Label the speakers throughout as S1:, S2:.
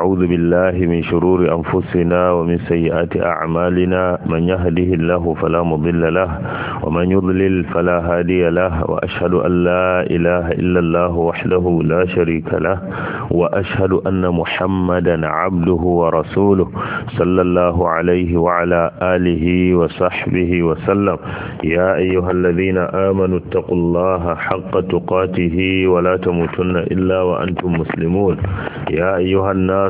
S1: أعوذ بالله من شرور أنفسنا ومن سيئات أعمالنا من يهده الله فلا مضل له ومن يضلل فلا هادي له وأشهد أن لا إله إلا الله وحده لا شريك له وأشهد أن محمدا عبده ورسوله صلى الله عليه وعلى آله وصحبه وسلم يا أيها الذين آمنوا اتقوا الله حق تقاته ولا تموتن إلا وأنتم مسلمون يا أيها الناس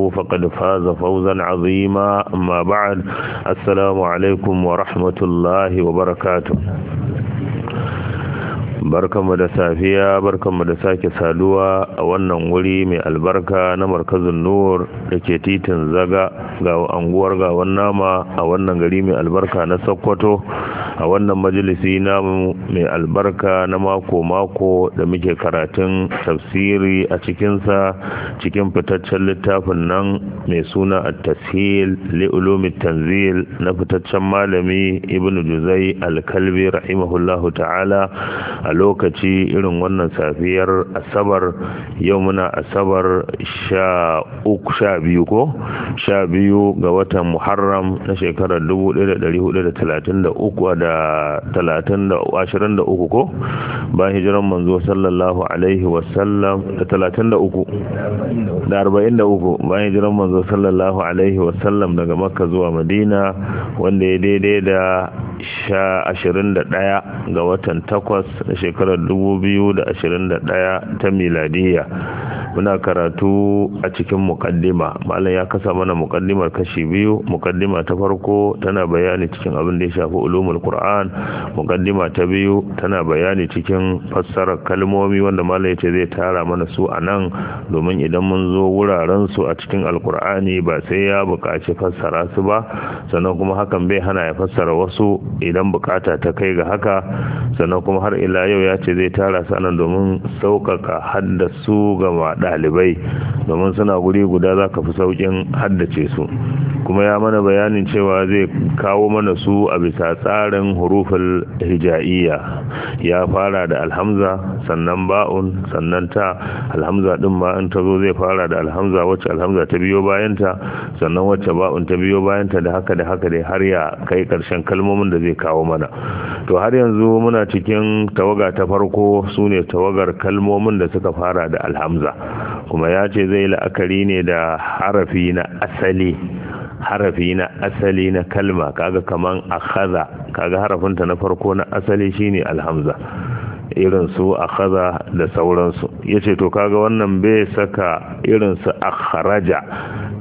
S1: فقد فاز فوزا عظيما أما بعد السلام عليكم ورحمة الله وبركاته barkanmu da safiya barkanmu da sake saduwa a wannan wuri mai albarka na markazin nur da ke titin zaga ga anguwar gawan nama a wannan gari mai albarka na sokoto a wannan majalisi namu mai albarka na mako-mako da muke karatun tafsiri a cikinsa cikin fitaccen littafin nan mai suna a tashil li'ulumit tanzil na fitaccen malami ibn juzai alkalbi rahimahullahu ta'ala a lokaci irin wannan safiyar asabar yau muna asabar sha uku sha biyu ko sha biyu ga watan muharram na shekarar dubu ɗaya da dari hudu da talatin da uku da talatin da ashirin da uku ko ba hijiran manzo sallallahu alaihi wasallam da talatin da uku da arba'in da uku ba hijiran manzo sallallahu alaihi wasallam daga makka zuwa madina wanda ya daidai da sha ashirin da ɗaya ga watan takwas na shekarar 2021 ta miladiyya muna karatu a cikin mukaddima malam ya kasa mana mukaddimar kashi biyu mukaddima ta farko tana bayani cikin abin da ya shafi ulumul qur'an mukaddima ta biyu tana bayani cikin fassarar kalmomi wanda malam ya ce zai tara mana su anan nan domin idan mun zo wuraren su a cikin alkur'ani ba sai ya buƙaci fassara su ba sannan kuma hakan bai hana ya fassara wasu idan bukata ta kai ga haka sannan kuma har ila yau ya ce zai tara su anan domin sauƙaƙa haddasu ga ɗalibai domin suna guri guda za ka fi saukin haddace su kuma ya mana bayanin cewa zai kawo mana su a bisa tsarin hurufin hija'iyya ya fara da alhamza sannan ba'un sannan ta alhamza din ma ta zo zai fara da alhamza wacce alhamza ta biyo bayanta sannan wacce ba'un ta biyo bayanta da haka da haka dai har ya kai karshen kalmomin da zai kawo mana to har yanzu muna cikin tawaga ta farko su ne tawagar kalmomin da suka fara da alhamza kuma ya ce zai la'akari ne da harafi na asali harafi na asali na kalma kaga kaman akhaza kaga harafinta na farko na asali shine alhamza irin su akhadha da sauransu yace to kaga wannan bai saka irin su akhraja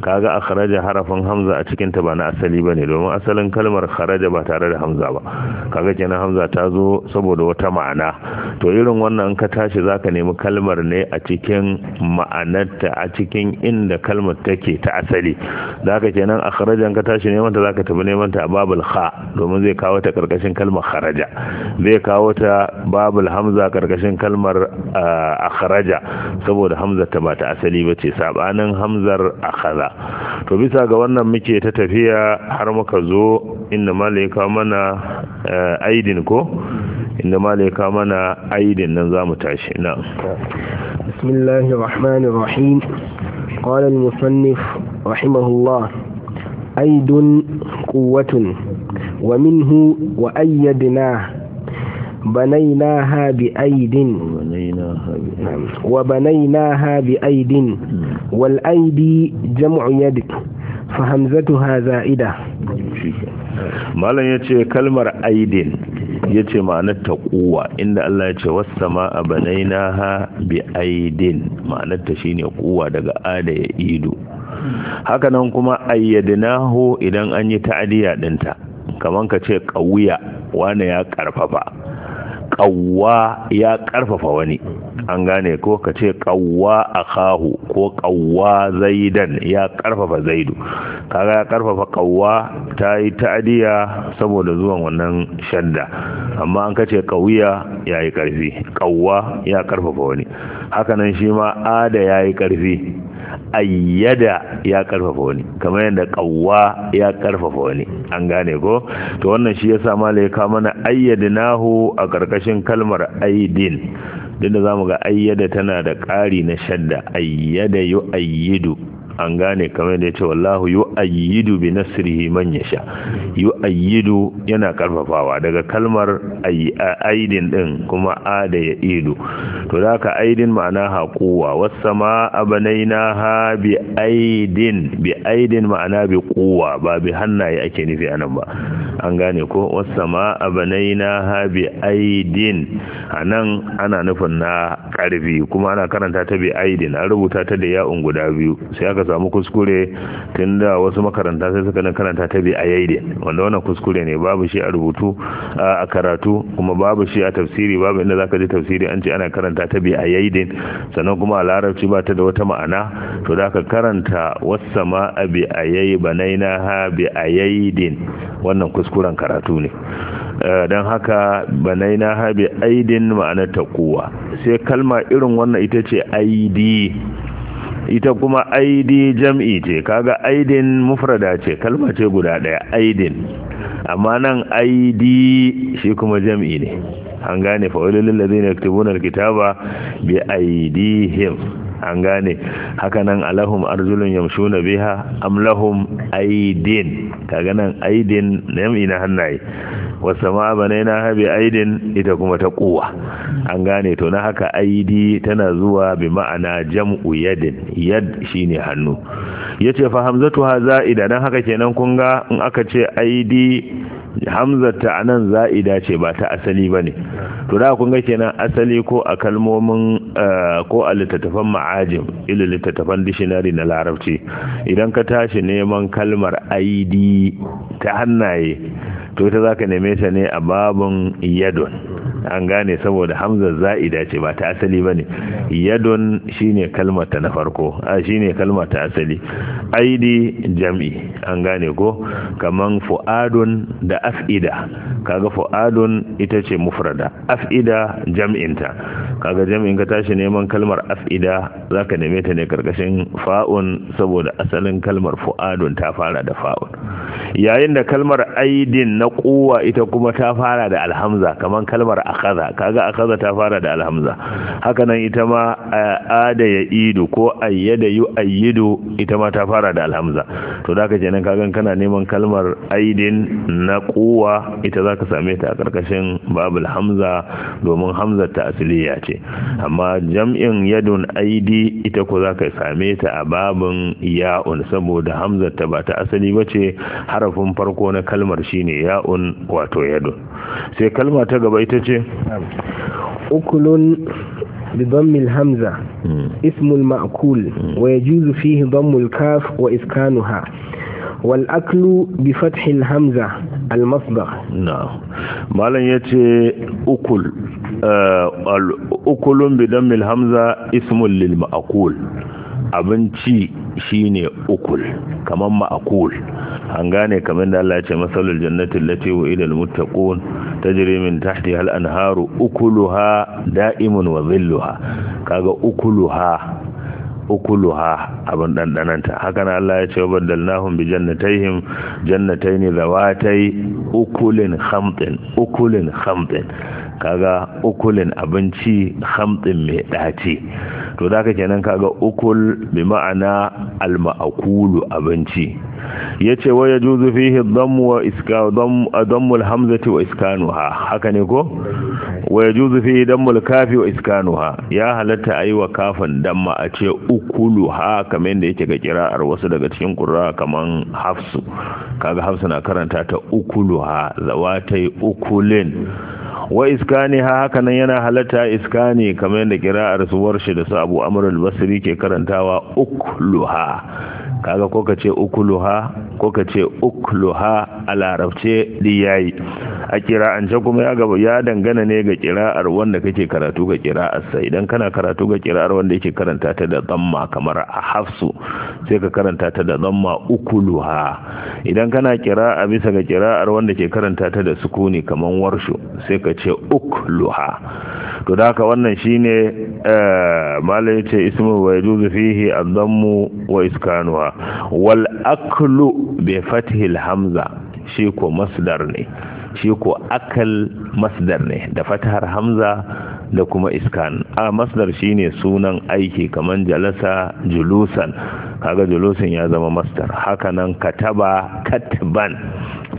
S1: kaga akhraja harafin hamza a cikin ta ba na asali bane domin asalin kalmar kharaja ba tare da hamza ba kaga kenan hamza ta zo saboda wata ma'ana to irin wannan ka tashi zaka nemi kalmar ne a cikin ma'anarta a cikin inda kalmar take ta asali zaka kenan in ka tashi neman ta zaka tafi neman ta babul kha domin zai kawo ta karkashin kalmar kharaja zai kawo ta babul hamza hamza karkashin kalmar uh, akharaja saboda hamza ta ba ta asali ba ce sabanin hamzar akhara to bisa ga wannan muke ta tafiya har muka zo inda malaika mana uh, aidin ko inda malaika mana aidin nan za mu tashi
S2: na bismillahir rahmanir rahim قال المصنف رحمه الله أيد قوة ومنه وأيدناه بنيناها بأيد وبنيناها بأيد والأيدي جمع يد فهمزتها زائدة
S1: malam ya ce kalmar aidin yace ce ma'anarta kuwa inda Allah ya ce a banai na ha bi ma'anarta shi kuwa daga ada ya ido hakanan kuma ayyadinahu idan an yi ta'adiyya ɗinta kamar ka ce ƙauya wane ya ƙarfafa kawwa ya ƙarfafa wani an gane ko ka ce kawwa kahu ko kawwa zaidan ya karfafa zaidu kaga ya karfafa kawwa ta yi ta'adiya saboda zuwan wannan shadda amma an kace kawiya ya yi karfi kawwa ya ƙarfafa wani hakanan shi ma ada ya yi karfi ayyada ya karfafa wani kamar yadda kawwa ya karfafa wani an gane ko to wannan shi yasa mala ya kawo mana ayyadinahu a karkashin kalmar aidin din da zamu ga ayyada tana da ƙari na shadda ayyada yu ayyidu an gane kamar da ya ce wallahu yu ayyidu bi nasrihi man yasha yu'ayyidu yana karfafawa daga kalmar aidin din kuma a da ya idu to zaka aidin ma'ana haquwa wasama abanainaha bi aidin bi aidin ma'ana bi quwa ba bi hannaye ake nufi anan ba an gane ko wasama ha bi aidin anan ana nufin na karfi kuma ana karanta ta bi aidin an rubuta ta da ya'un guda biyu sai aka samu kuskure tunda wasu makaranta sai suka nan karanta ta bi a yaide wanda wannan kuskure ne babu shi a rubutu a karatu kuma babu shi a tafsiri babu inda zaka ji tafsiri an ce ana karanta ta bi a yaide sannan kuma a larabci ba ta da wata ma'ana to da ka karanta wasama bi a yayi banaina ha bi a yaidin wannan kuskuren karatu ne don haka banaina ha bi aidin ma'anar ta kowa sai kalma irin wannan ita ce aidi ita kuma aidi jam'i ce kaga aidin mufrada ce kalma ce guda daya aidin amma nan aidi shi kuma jam'i ne an gane fa'ilul ladina yaktubuna alkitaba bi aidihim an gane hakanan alahum arzulun yamshuna biha am lahum aydin kaga nan aydin nami na hannaye na banaina habi aidin ita kuma ta kuwa an gane to na haka aidi tana zuwa bi ma'ana jam'u yadin yad shine hannu yace fa hamzatu ha za'ida dan haka kenan kun ga in aka ce aidi hamzar ta anan za'ida ce ba ta asali ba ne to da kun ga kenan asali ko a kalmomin eh, ko a littattafan ma'ajim ila littattafan dishinari na larabci idan ka tashi neman kalmar aidi ta hannaye to ita za ka neme ta ne a babun yadon an gane saboda hamza za'ida ce ba ta asali ba ne yadon shine kalmata na farko a shine ta asali aidi jam'i an gane ko kaman fu'adun da af'ida kaga fu'adun ita ce mufrada af'ida jam'inta kaga jam'in ka tashi neman kalmar af'ida zaka neme ta ne karkashin fa'un saboda asalin kalmar fu'adun ta fara da fa'un yayin da kalmar aidin na kuwa ita kuma ta fara da alhamza kamar kalmar akaza kaga akaza ta fara da alhamza haka nan ita ma eh, ada ya idu ko ayyada yu ayyidu ita ma ta fara da alhamza to da ka kenan kagan kana neman kalmar aidin na kuwa ita za ka same ta a karkashin babul hamza domin hamza ta asiliya ce amma jam'in yadun aidi ita ko za ka same ta a babin ya'un saboda hamzar ta ba ta asali ba ce harafin farko na kalmar shine ya'un wato yadu sai kalma ta gaba ita ce
S2: ukulun bidammil hamza hmm. ismul ma'kul hmm. wa yajuzu fihi dammul kaf wa iskanuha wal aklu bi fathil hamza al masdar
S1: na'am malan yace ukul eh, al ukulun bidammil hamza ismul lil ma'kul abinci shine ukul kamar ma'akul an gane kamar da Allah ya ce masalul jannatin lati wa ilal muttaqun tajri min tahtiha al-anharu ukuluha da'imun wa dhilluha kaga ukuluha ukuluha abin ɗanɗananta haka na Allah ya ce wa bi jannatayhim jannatayn zawatay ukulin khamtin ukulin khamtin kaga ukulin abinci khamtin mai dace to da ka kenan kaga ukul bi ma'ana al-ma'kulu abinci yace wa yajuzu fihi dhamm wa iska dhamm al-hamzati wa iskanuha haka ne ko wa yajuzu fihi al kafi wa iskanuha ya halatta ayi wa kafan damma a ce ukuluha kamar yadda yake ga kira'ar wasu daga cikin qurra kaman hafsu kaga hafsu na karanta ta ukuluha zawatai ukulin wa iskani ha haka nan yana halatta iskani kamar yadda kira'ar suwar shi da su abu amurul basiri ke karantawa ukluha kaga ko ka ce ukluha ko ka ce ukluha a larabce diyayi a kira'ance kuma ya gaba ya dangana ne ga kira'ar wanda kake karatu ga kira'ar sai idan kana karatu ga kira'ar wanda yake karanta ta da zamma kamar a hafsu sai ka karanta ta da zamma ukuluha idan kana kira'a bisa ga kira'ar wanda ke karanta ta da sukuni kamar warshu sai ka ce ukluha to da haka wannan shine eh, malai ce ismu wa yajuzu fihi adammu wa iskanuha wal aklu bi fathil hamza shi ko masdar ne shi ko akal masdar ne da fatahar hamza da kuma iskan a masdar shine sunan aiki kamar jalasa julusan kaga julusan ya zama masdar hakanan kataba katban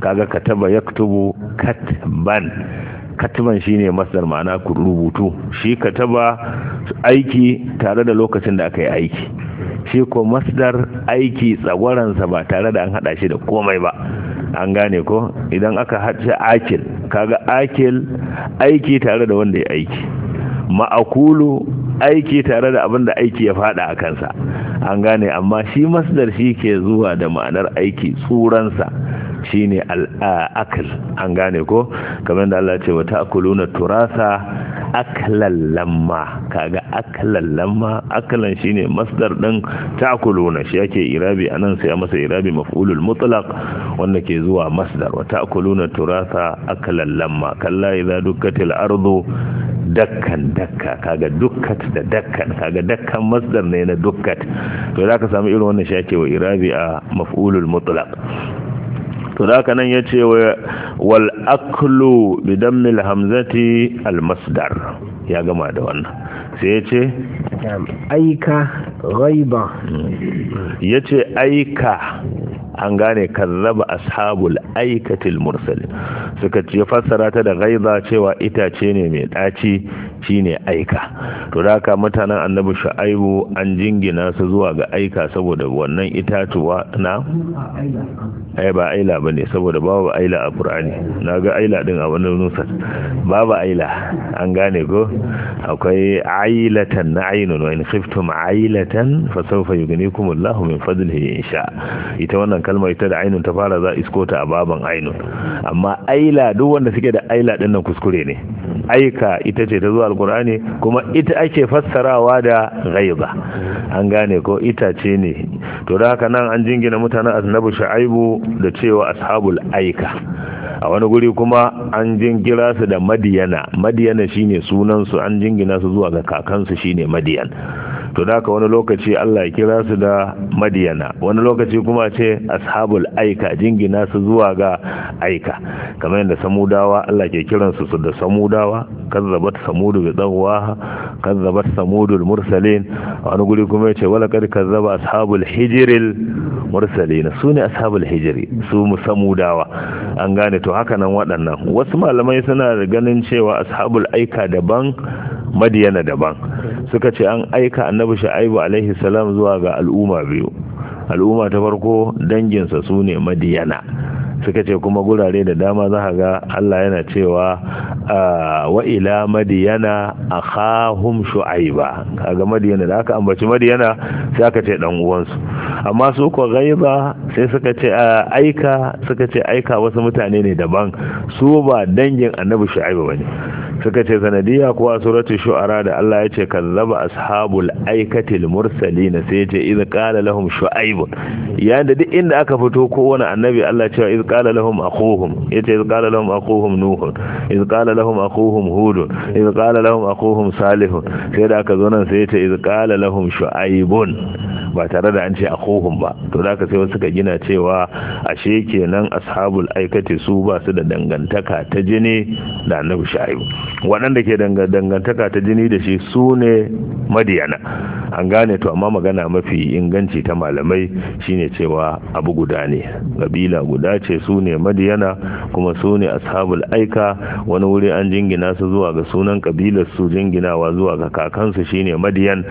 S1: kaga kataba yaktubu katban katiban shine masdar ma'ana ku rubutu shi kataba aiki tare da lokacin da aka yi aiki shi ko masdar aiki tsagwaransa ba tare da an hada shi da komai ba an gane ko idan aka haɗa akil kaga akil aiki tare da wanda ya aiki ma'akulu aiki tare da abin da aiki ya fada a kansa an gane amma shi masdar shi ke zuwa da ma'anar aiki tsuransa shine akl an gane ko kamar da Allah ce wata akuluna turasa aklan lamma kaga aklan lamma aklan shine masdar din ta akuluna shi yake irabi anan sai masa irabi maf'ulul mutlaq wanda ke zuwa masdar wata akuluna turasa aklan lamma kalla idza dukkatil ardu dakkan dakka kaga dukkat da dakkan kaga dakkan masdar ne na dukkat to zaka samu irin wannan shi yake wa irabi a maf'ulul mutlaq to da haka nan ya ce wal aklu bi damnil hamzati al masdar ya gama da wannan sai ya ce
S2: aika ghaiba hmm.
S1: ya ce aika an gane kazzaba ashabul aikatil mursalin suka ce fassara ta da gaiza cewa itace ne mai daci shine aika to da haka mutanen annabi shu'aibu an jingina su zuwa ga aika saboda wannan itatuwa na ai ba aila bane saboda babu aila a qur'ani naga aila din a wannan nusar babu aila an gane ko akwai ailatan na ainun wa in khiftum ailatan fa sawfa yughnikumullahu min fadlihi insha ita wannan kalmar ita da ainun ta fara za isko ta a baban ainun amma aila duk wanda suke da aila din nan kuskure ne aika ita ce ta zuwa alkur'ani kuma ita ake fassarawa da ghaiba an gane ko ita ce ne to da haka nan an jingina mutanen annabi sha'aibu da cewa ashabul aika a wani guri kuma an jingira su da madiyana madiyana shine sunan su an jingina su zuwa ga kakansu shine madiyan to da wani lokaci Allah ya kira su da madiyana wani lokaci kuma ce ashabul aika jingina su zuwa ga aika kamar yadda samudawa Allah ke kiran su da samudawa kazzabat samudu bi dawwaha kazzabat samudul mursalin wani guri kuma yace wala kad kazzaba ashabul hijril mursalin sune ashabul hijri su samudawa an gane to haka nan waɗannan wasu malamai suna ganin cewa ashabul aika daban madiyana daban suka ce an aika annabi sha'ibu alaihi salam zuwa ga al'umma biyu al'umma ta farko danginsa su ne madiyana suka ce kuma gurare da dama za ga Allah yana cewa ah, wa ila madiyana akhahum shu'aiba kaga madiyana da aka ambaci madiyana sai aka ce dan uwansu amma su ko gaiba sai suka ce ah, aika suka ce aika wasu mutane ne daban su ba dangin annabi shu'aiba bane suka ce sanadiya kuwa suratul shu'ara da Allah ya ce kallaba ashabul aikatil mursalin sai ya ce idh qala lahum shu'aib yayin da duk inda aka fito wani annabi Allah ya ce qala lahum akhuhum yace iz qala lahum akhuhum nuh iz qala lahum akhuhum hud iz qala lahum akhuhum salih sai da aka zo nan sai ta iz qala lahum shu'aibun ba tare da an ce akhuhum ba to da aka sai wasu ka gina cewa ashe kenan ashabul aikati su ba su da dangantaka ta jini da annabi shu'aib waɗanda ke dangantaka ta jini da shi su ne madiyana an gane to amma magana mafi inganci ta malamai shine cewa abu guda ne kabila guda ce su ne madiyana kuma su ne ashabul aika wani wuri an jingina su zuwa ga sunan kabilar su jinginawa zuwa ga kakansu shine madiyan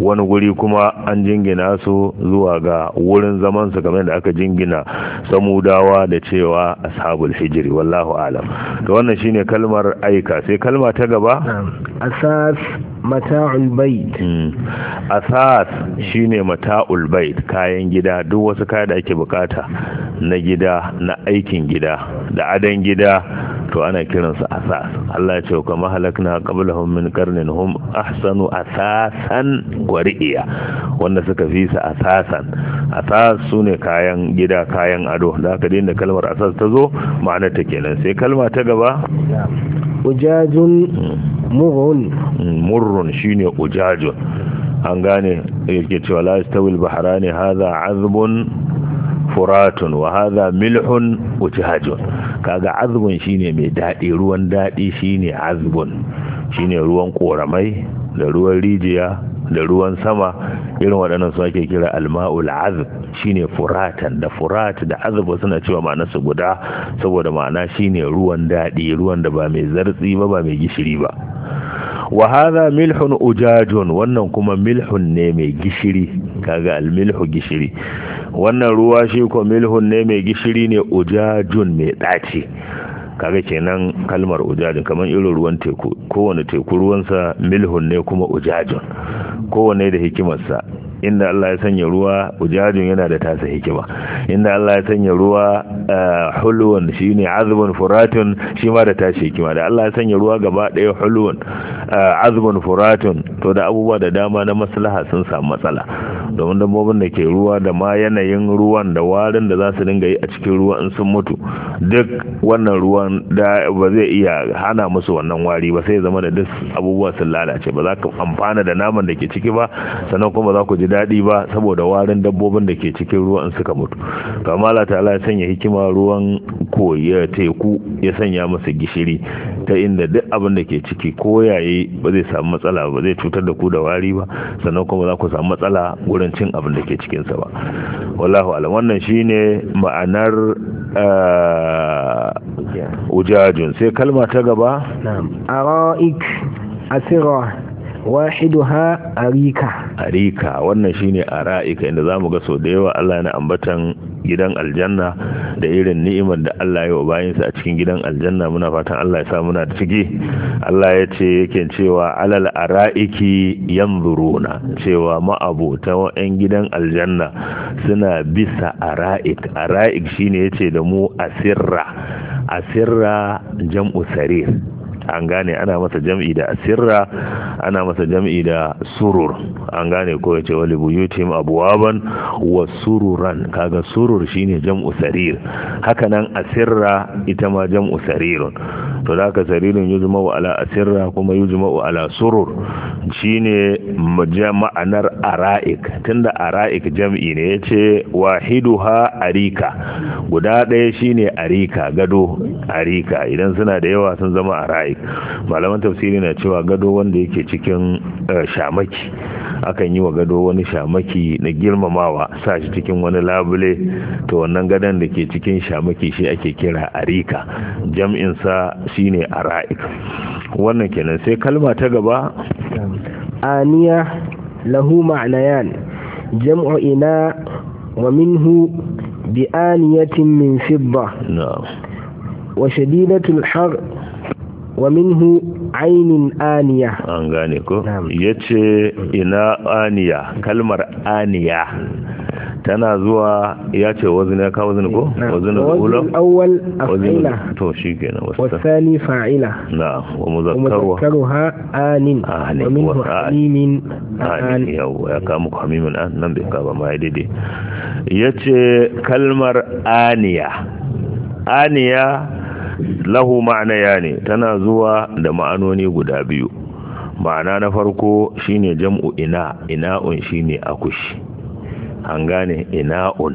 S1: wani wuri kuma an jingina su zuwa ga wurin zaman su kamar da aka jingina samudawa da cewa ashabul hijri wallahu alam to wannan shine kalmar aika sai kalma ta gaba
S2: asas mata'ul
S1: bait mm. asas shine mata'ul bait kayan gida duk wasu kaya da ake bukata na gida na aikin gida da adan gida to ana kiransu asas Allah ya ce kama halakna qablahum min qarnin hum ahsanu asasan gwari'iya wanda suka fi su asasan asas sune kayan gida kayan ado da ka da kalmar asas ta zo ma'ana ta kenan sai kalma ta gaba ujajun
S2: hmm. murrun hmm,
S1: murun shine ujajun an gane yake cewa la istawil bahrani hadha azbun furatun wa hadha milhun wajhajun kaga azbun shine mai daɗi ruwan daɗi shine azbun shine ruwan koramai da ruwan rijiya da ruwan sama irin waɗannan su ake kira alma'ul azb shine furatan da furat da azb suna cewa ma'ana su guda saboda ma'ana shine ruwan daɗi ruwan da ba mai zartsi ba ba mai gishiri ba wa hadha milhun ujajun wannan kuma milhun ne mai gishiri kaga almilhu gishiri wannan ruwa shi ko milhun ne mai gishiri ne ujajun mai ɗaci kaga kenan kalmar ujajun kamar irin ruwan teku kowane teku ruwansa milhun ne kuma ujajun kowane da hikimarsa inda Allah ya sanya ruwa ujajun yana da tasa hikima inda Allah ya sanya ruwa eh, shi ne azubun furatun shi ma da tashi hikima da Allah ya sanya ruwa gaba ɗaya hulwan eh, azubun furatun to da abubuwa da dama na maslaha sun samu matsala domin dabbobin da ke ruwa da ma yanayin ruwan da warin da za su dinga yi a cikin ruwa in sun mutu duk wannan ruwan da ba zai iya hana musu wannan wari ba sai zama da duk abubuwa sun lalace ba za ka amfana da naman da ke ciki ba sannan kuma za ku ji daɗi ba saboda warin dabbobin da ke cikin ruwa in suka mutu kamar Allah ta'ala sanya hikima ruwan ya teku ya sanya musu gishiri ta inda duk abin da ke ciki ko yayi ba zai samu matsala ba zai cutar da ku da wari ba sannan kuma za ku samu matsala wurin cin abin da ke cikinsa ba wallahu alam wannan shine ma'anar eh, ujajun sai kalma ta gaba
S2: na'am araik asira wahiduha arika arika
S1: wannan shine ara'ika inda zamu ga so da yawa Allah yana ambatan gidan aljanna da irin ni'imar da Allah ya bayin bayinsa a cikin gidan aljanna muna fatan Allah ya sa muna da ciki Allah ya ce yake cewa alal ara'iki yanzuruna cewa ma'abota wa'en gidan aljanna suna bisa ara'ik ara'ik shine yace da mu asirra asirra jam'u sarir an gane ana masa jam'i da asirra ana masa jam'i da surur an gane ko yace wali buyutim abwaban wa sururan kaga surur shine jam'u sarir haka nan asirra ita ma jam'u sarirun to da ka sarirun yujma'u ala asirra kuma yujma'u ala surur shine ma'anar ara'ik tunda ara'ik jam'i ne yace wahiduha arika guda ɗaya shine arika gado arika idan suna da yawa sun zama ara'ik malaman tafsiri na cewa gado wanda yake cikin eh, shamaki akan yi wa gado wani shamaki na girmamawa sa shi cikin wani labule to wannan gadon da ke cikin shamaki shi ake kira arika jam'in sa shine ara'ik wannan kenan sai kalma ta gaba
S2: aniya lahu ma'nayan jam'u ina wa minhu bi aniyatin min fidda na'am wa shadidatul har wa minhu ainin aniya
S1: an gane ko yace ina aniya kalmar aniya tana zuwa ya ce wazin ya kawo wazin ko wazin al-ula awwal af'ila to shikenan
S2: wasani fa'ila
S1: na wa muzakkaruha
S2: anin wa minhu hamimin
S1: an yau ya kamu hamimin an ah, nan bai kaba ma daidai yace kalmar aniya aniya lahu ma'ana ya ne tana zuwa da ma'anoni guda biyu ma'ana na farko shine jam'u ina ina'un shine akushi an gane ina'un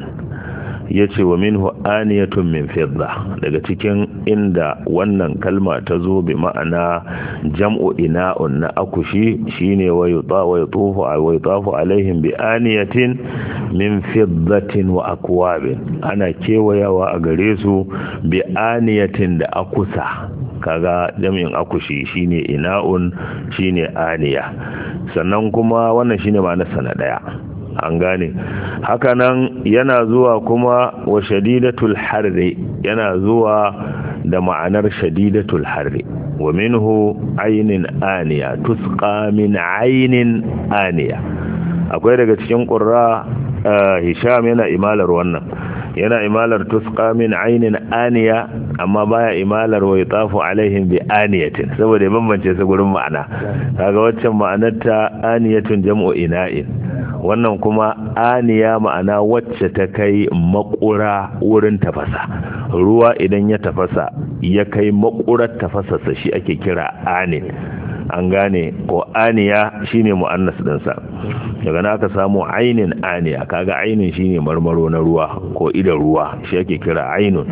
S1: ya ce wa minhu aniyatun min fidda daga cikin inda wannan kalma ta zo bi ma'ana jam'u ina'un na akushi shine wa yutafu wa yutafu alaihim bi aniyatin min fiddatin wa akwabin ana kewayawa a gare su bi aniyatin da akusa kaga jam'in akushi shine ina'un shine aniya sannan kuma wannan shine ma'ana sana daya an gane hakanan yana zuwa kuma wa shadidatul harri yana zuwa da ma'anar shadidatul harri wa minhu ainin aniya tusqa min ainin aniya akwai daga cikin qurra eh, hisham yana imalar wannan yana imalar tusqa min ainin aniya amma baya imalar wa yatafu alaihim bi aniyatin saboda ya bambance su gurin ma'ana kaga waccan ma'anar ta aniyatun jam'u ina'in wannan kuma aniya ma'ana wacce ta kai makura wurin tafasa ruwa idan ya tafasa ya kai makurar sa shi ake kira anin an gane ko aniya shine mu'annas dinsa daga na aka samu ainin aniya kaga ainin shine marmaro na ruwa ko idan ruwa shi ake kira ainun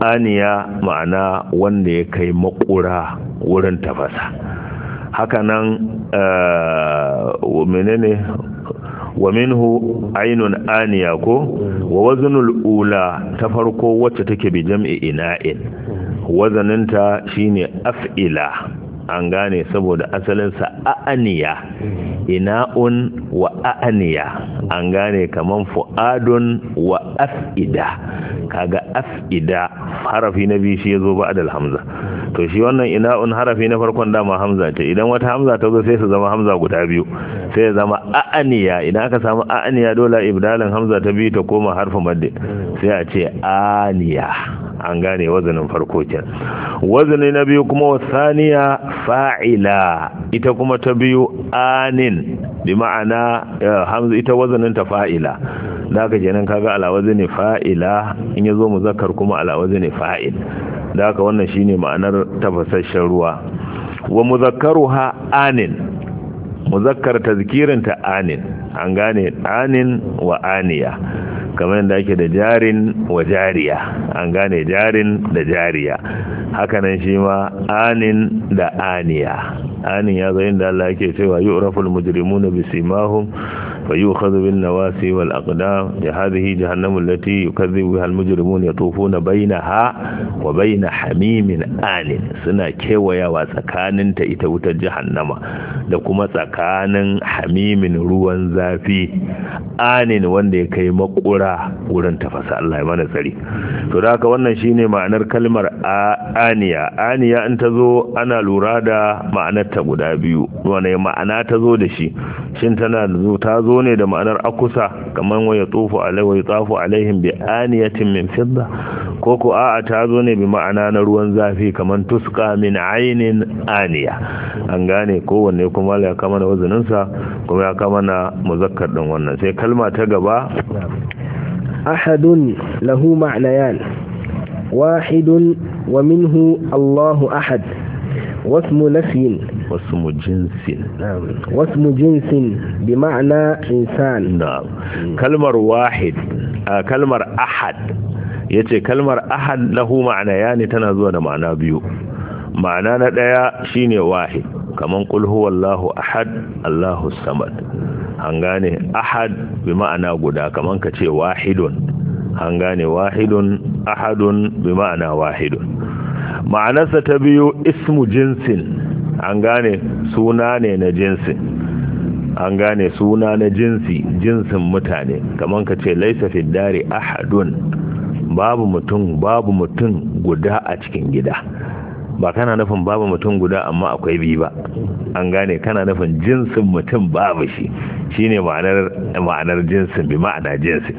S1: aniya ma'ana wanda ya kai makura wurin tafasa hakanan uh, eh, menene wa minhu ainun aniya ko wa waznul ula ta farko wacce take bi jam'i ina'in wazaninta shine af'ila an gane saboda asalinsa a'aniya ina'un wa a'aniya an gane kaman fu'adun wa af'ida kaga af'ida harafi na biyu shi ya zo ba hamza to shi wannan ina'un harafi na farkon dama hamza ce idan wata hamza ta zo sai su zama hamza guda biyu sai ya zama a'aniya idan aka samu a'aniya dole ibdalin hamza ta biyu ta koma harfin madde sai a ce aniya an gane wazanin farko ce wazani na biyu kuma wasaniya fa'ila ita kuma ta biyu anin bi ma'ana eh, hamza ita wazanin ta fa'ila da aka kenan kaga alawazi ne fa'ila in yazo zakar kuma alawazi ne fa'il da haka wannan shine ma'anar tafasasshen ruwa wa muzakkaruha anin muzakkar ta anin an gane anin wa aniya kamar yadda ake da jarin wa jariya an gane jarin da jariya hakanan shi ma anin da aniya anin ya zai da Allah yake cewa yu'raful mujrimuna bisimahum فيؤخذ بالنواسي والأقدام هذه جهنم التي يكذب بها المجرمون يطوفون بينها وبين حميم آن سنا كيويا وسكان تأتوت جهنم لكما سكان حميم روان زافي آن وانده كي مقورا ورن تفسى الله ما سري فراك وانا شيني معنى الكلمة آنيا آنيا انت ذو أنا لرادا معنى تقود وانا معنى تذو دشي شنتنا ذو تذو zo ne da ma'anar akusa kamar wa ya tsofu alai wa ya tsafu alaihim bi aniyatin min fidda ko ko a'a ta zo ne bi ma'ana na ruwan zafi kamar tuska min ainin aniya an gane kowanne kuma ya kama na wazininsa kuma ya kama na muzakkar din wannan sai kalma ta gaba
S2: ahadun lahu ma'nayan wahidun wa minhu allahu ahad wasmu nafyin wasu jinsin wasu jinsin bi ma'ana insan
S1: kalmar wahid kalmar ahad ya ce kalmar ahad lahu ma'ana ya ne tana zuwa da ma'ana biyu ma'ana na ɗaya shine wahid kaman kulhu Wallahu ahad allahu samad an gane ahad bi ma'ana guda kamar ka ce wahidun an gane wahidun ahadun bi ma'ana wahidun ma'anarsa ta biyu ismu jinsin an gane suna ne na jinsi an gane suna na jinsi jinsin mutane kamar ka ce laisa fi dare ahadun babu mutum babu mutum guda a cikin gida ba kana nufin babu mutum guda amma akwai biyu ba an gane kana nufin jinsin mutum babu shi shine ma'anar ma'anar jinsin bi ma'ana jinsi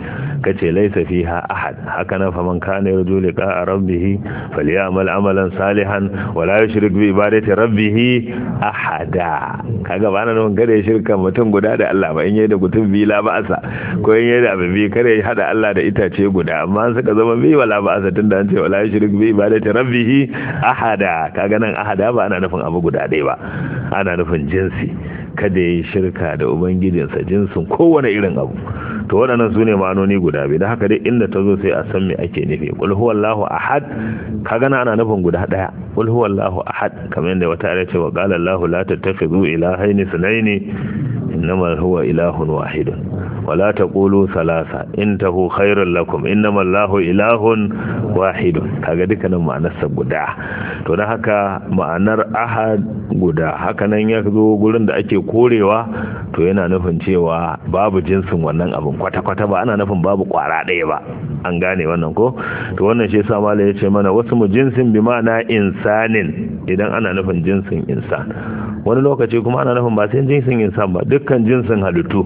S1: kace laysa fiha ahad haka nan faman kana yarju liqa rabbih falyamal amalan salihan wa la yushrik bi ibadati rabbih ahada kaga ba nan gare shirka mutum guda da Allah ba in yayi da mutum bi la ba'asa ko in yayi da abin bi kare hada Allah da itace guda amma suka zama bi wala ba'asa tunda an ce wala yushrik bi ibadati rabbih ahada kaga nan ahada ba ana nufin abu guda ɗaya ba ana nufin jinsi kada ya yi shirka da ubangijinsa jinsin kowane irin abu to waɗannan su ne ma'anoni guda biyu da haka dai inda ta zo sai a san me ake nufi qul huwallahu ahad ka gana ana nufin guda ɗaya qul huwallahu ahad kamar yadda wata ayar ce wa qala allah la tattakhidhu ilahaini sunaini innama huwa ilahun wahidun wala taqulu salasa intahu khairul lakum innama allahu ilahun wahidun kaga dukkanin ma'anar sa guda to dan haka ma'anar ahad guda haka nan ya zo gurin da ake korewa to yana nufin cewa babu jinsin wannan abun kwata-kwata ba ana nufin babu kwara ɗaya ba an gane wannan ko to wannan shi yasa mala yace mana wasu mu jinsin bi ma'ana insanin idan ana nufin jinsin insan wani lokaci kuma ana nufin ba sai jinsin insan ba duk dukkan jinsin halittu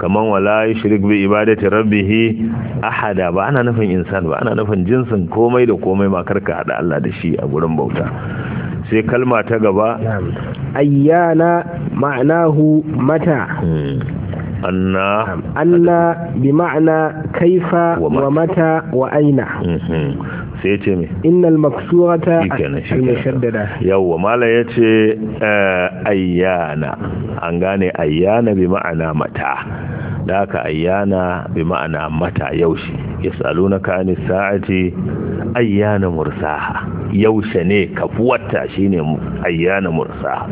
S1: kamar wala shirik bi ibadati rabbih ahada ba ana nufin insan ba ana nufin jinsin komai da komai ma karka hada Allah da shi a gurin bauta sai kalma ta gaba
S2: ayyana ma'anahu mata
S1: hmm. anna
S2: anna bi ma'ana kaifa wa mata wa aina sai ce me innal maksurata al-mushaddada
S1: yawa mala yace ayyana an gane ayyana bi ma'ana mata da haka ayyana bi ma'ana mata yaushe yasalunaka kani sa'ati ayyana mursaha yaushe ne kafuwarta shine ayyana mursaha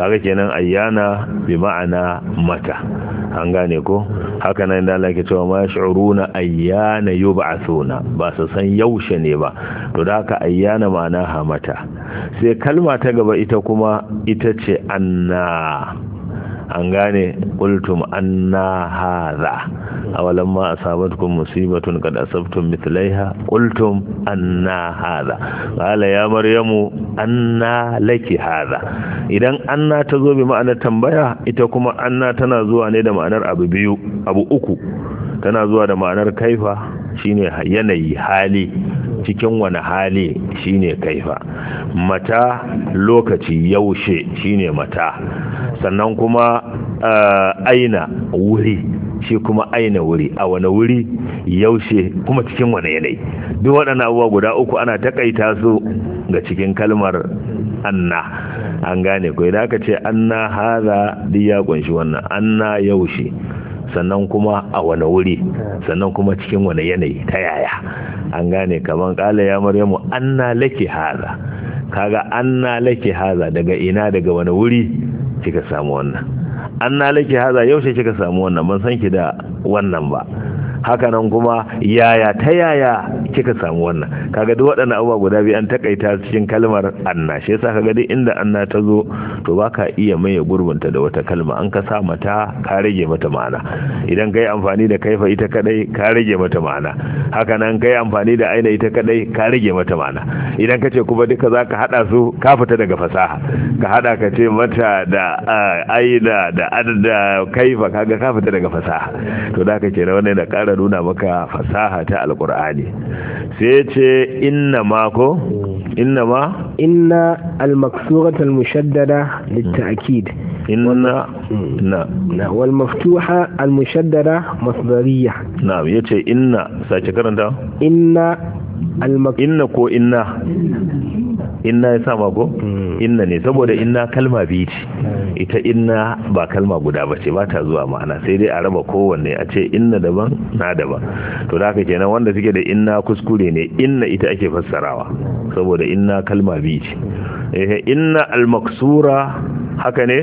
S1: kaga kenan ayyana bi ma'ana mata an gane ko haka nan da Allah ke cewa ma shuruna ayyana yub'athuna ba su san yaushe ne ba to da haka ayyana ma'ana hamata sai kalma ta gaba ita kuma ita ce anna an gane qultum anna hadha awalan ma asabatkum musibatun qad asabtum mithlaiha qultum anna hadha qala ya maryamu anna laki hadha idan anna ta zo bi ma'anar tambaya ita kuma anna tana zuwa ne da ma'anar abu biyu abu uku tana zuwa da ma'anar kaifa shine yanayi hali cikin wani hali shine kaifa mata lokaci yaushe shine mata sannan kuma uh, aina wuri shi kuma aina wuri a wani wuri yaushe kuma cikin wani yanayi duk waɗannan abubuwa guda uku ana takaita su ga cikin kalmar anna an gane ko idan aka ce anna haza duk ya kunshi wannan anna yaushe sannan kuma a wani wuri sannan kuma cikin wani yanayi ta yaya an gane kaman kala ya maryamu anna laki haza kaga anna laki haza daga ina daga wani wuri kika samu wannan anna laki haza yaushe kika samu wannan ban san ki da wannan ba hakanan kuma yaya ta yaya kika samu wannan kaga duk waɗannan abubuwa guda biyu an takaita cikin kalmar anna shi yasa kaga duk inda anna ta zo to baka iya maye gurbinta da wata kalma an ka sa mata ka rage mata ma'ana idan kai amfani da kaifa ita kadai ka rage mata ma'ana hakanan kai amfani da aina ita kadai ka rage mata ma'ana idan kace kuma duka zaka hada su ka fita daga fasaha ka hada ka ce mata da aina da adada kaifa kaga ka fita daga fasaha to da ka ce wannan da ƙara nuna maka fasaha ta alƙur'ani sai ce inna ma ko inna ma
S2: inna al-maksurat al-mushaddada lit-ta'kid inna mm, na na wal maftuha al-mushaddada masdariyya
S1: na yace inna sace karanta inna al-mak inna ko inna inna ya sa ko hmm. inna ne saboda inna kalma biyu ce hmm. ita inna ba kalma guda ba ce ba ta zuwa ma'ana sai dai a raba kowanne a ce inna daban na daban to da haka kenan wanda suke da inna kuskure ne inna ita ake fassarawa saboda inna kalma biyu ce eh, inna almaksura haka ne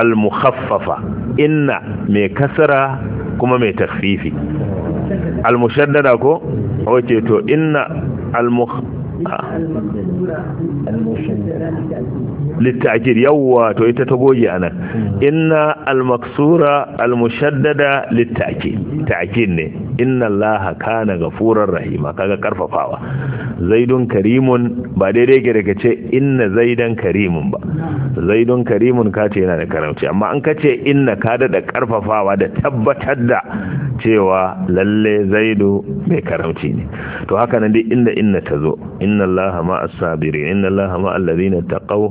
S1: almukhaffafa inna mai kasara kuma mai takfifi
S2: hmm.
S1: almushaddada mushaddada ko wace to inna للتعجيل يو تويت تبوجي أنا إن المكسورة المشددة للتعجيل تعجيل inna allaha kana gafurar rahima kaga karfafawa zaidun karimun ba daidai ke daga ce inna zaidan karimun ba zaidun karimun ka ce yana da karamci amma an ka ce inna ka da karfafawa da tabbatar da cewa lalle zaidu mai karamci ne to haka nan dai inda inna ta zo inna allaha ma as-sabirin inna allaha ma alladhina taqaw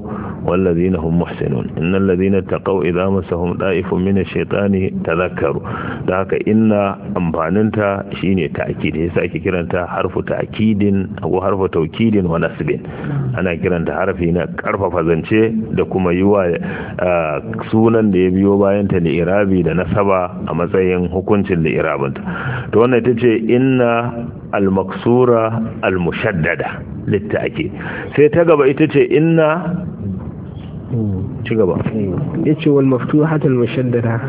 S1: wal ladina hum muhsinun inna alladhina taqaw idza masahum da'ifun min ash-shaytani tadhakkaru da haka inna amfanin ta shine ta'kid yasa ake kiranta harfu ta'kidin ko harfu taukidin wa nasbin ana kiranta harfi na karfafa zance da kuma yiwa sunan da ya biyo bayan ta da irabi da nasaba a matsayin hukuncin da irabin ta to wannan ita ce inna al-maksura al-mushaddada litta'kid sai ta gaba ita ce inna ci gaba ya ce wal maftuha
S2: tal mashaddada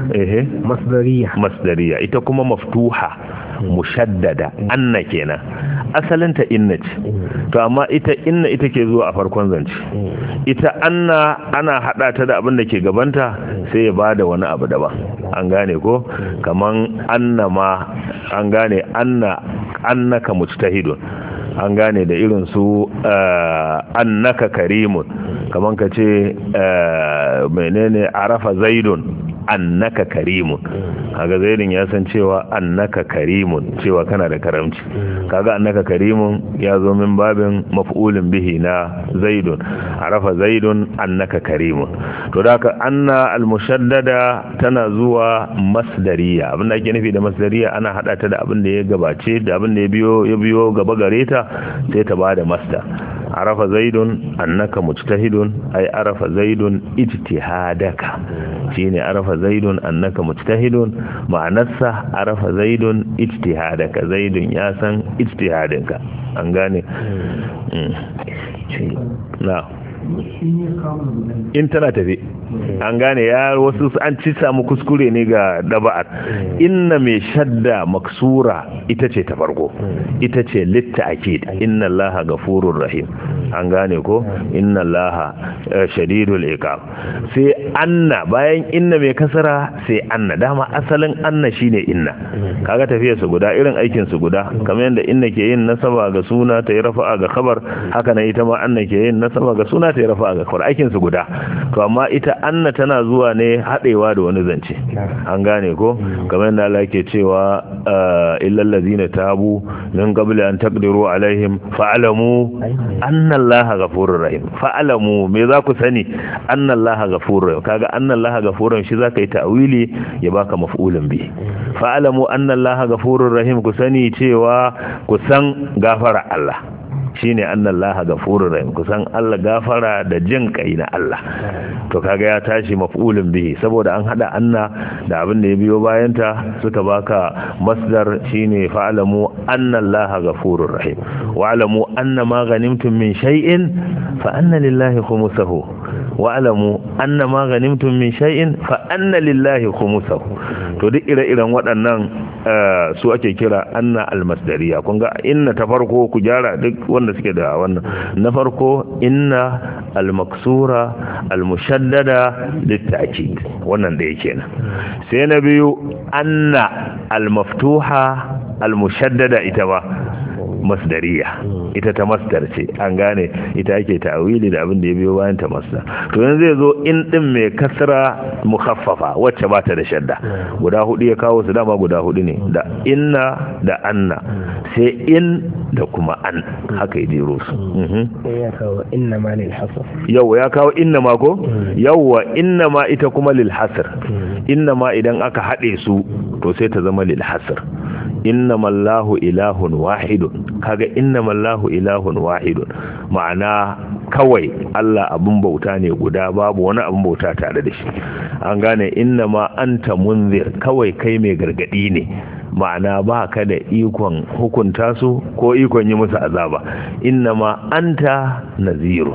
S1: masdariya ita kuma maftuha mushaddada anna kenan asalinta inna ce to amma ita inna ita ke zuwa a farkon zance ita anna ana hada ta da abin da ke gabanta sai ya bada wani abu daban an gane ko kaman anna ma an gane anna annaka mujtahidun an gane da irin su eh, annaka karimun kaman ka ce eh, menene arafa zaidun annaka karimun kaga zaidin ya san cewa annaka karimun cewa kana da karamci kaga annaka karimun ya zo min babin maf'ulin bihi na zaidun arafa zaidun annaka karimun to da an anna almushaddada tana zuwa masdariya abin da ake nufi da masdariya ana hada ta da abin da ya gabace da abin da ya biyo gaba gare ta sai ta bada masdar arafa zaidun annaka mujtahidun ai arafa zaidun ijtihadaka shine arafa zaidun annaka mujtahidun ma'anarsa arafa zaidun ijtihadaka zaidun ya san ijtihadinka an gane hmm. hmm. na'am in tana tafi, an gane ya wasu an ci samu kuskure ne ga daba'ar inna mai shadda maksura ita ce ta farko ita ce litta akid inna allaha gafurur rahim an gane ko inna laha eh, shadidul iqab sai anna bayan inna mai kasara sai anna dama asalin anna shine inna kaga tafiyar su guda irin aikin su guda kamar yadda inna ke yin nasaba ga suna ta yi rafa'a ga khabar haka nan ita ma anna ke yin nasaba ga suna ta yi rafa'a ga khabar aikin su guda to amma ita anna tana zuwa ne hadewa da wani zance an gane ko kamar yadda Allah ke cewa eh, illal ladina tabu min qabli an taqdiru alaihim fa'lamu anna annallaha ghafurur rahim alamu me za ku sani annallaha ghafurur rahim kaga annallaha ghafurur shi zaka yi ta'wili ya baka maf'ulun bi alamu annallaha ghafurur rahim ku sani cewa ku san gafara Allah shine annallaha ghafurur rahim kusan Allah gafara da jin kai na Allah to kaga ya tashi maf'ulun bihi saboda an hada anna da abin da ya biyo bayanta suka baka masdar shine fa'lamu annallaha ga rahim wa'lamu anna ma ganimtum min shay'in fa anna lillahi khumsahu wa'lamu anna ma ganimtum min shay'in fa anna lillahi khumsahu to duk ire-iren waɗannan eh, su ake kira anna almasdariya kun ga inna ta farko ku gyara duk wanda suke da wannan na farko inna al-maksura al-mushaddada litta'kid wannan da yake nan sai na biyu anna al-maftuha al-mushaddada ita ba masdariya hmm. ita ta masdar ce an gane ita ake ta'awili da abin da ya biyo bayan ta masdar to yanzu zai zo in din mai kasra mukhaffafa wacce ba ta da shadda hmm. guda hudu ya kawo su dama guda hudu ne da hmm. inna da anna sai in da kuma an haka ya jero su mhm.
S2: ya kawo inna ma lil hasr
S1: yawa ya kawo inna ma ko yawa inna ma ita kuma lil hasr inna ma idan aka haɗe su to sai ta zama lil hasr innamallahu ilahun wahidun kaga innamallahu ilahun wahidun ma'ana kawai Allah abun bauta ne guda babu wani abun bauta tare da shi an gane inna ma anta munzir kawai kai mai gargadi ne ma'ana ba ka da ikon hukunta su ko ikon yi musu azaba innama anta naziru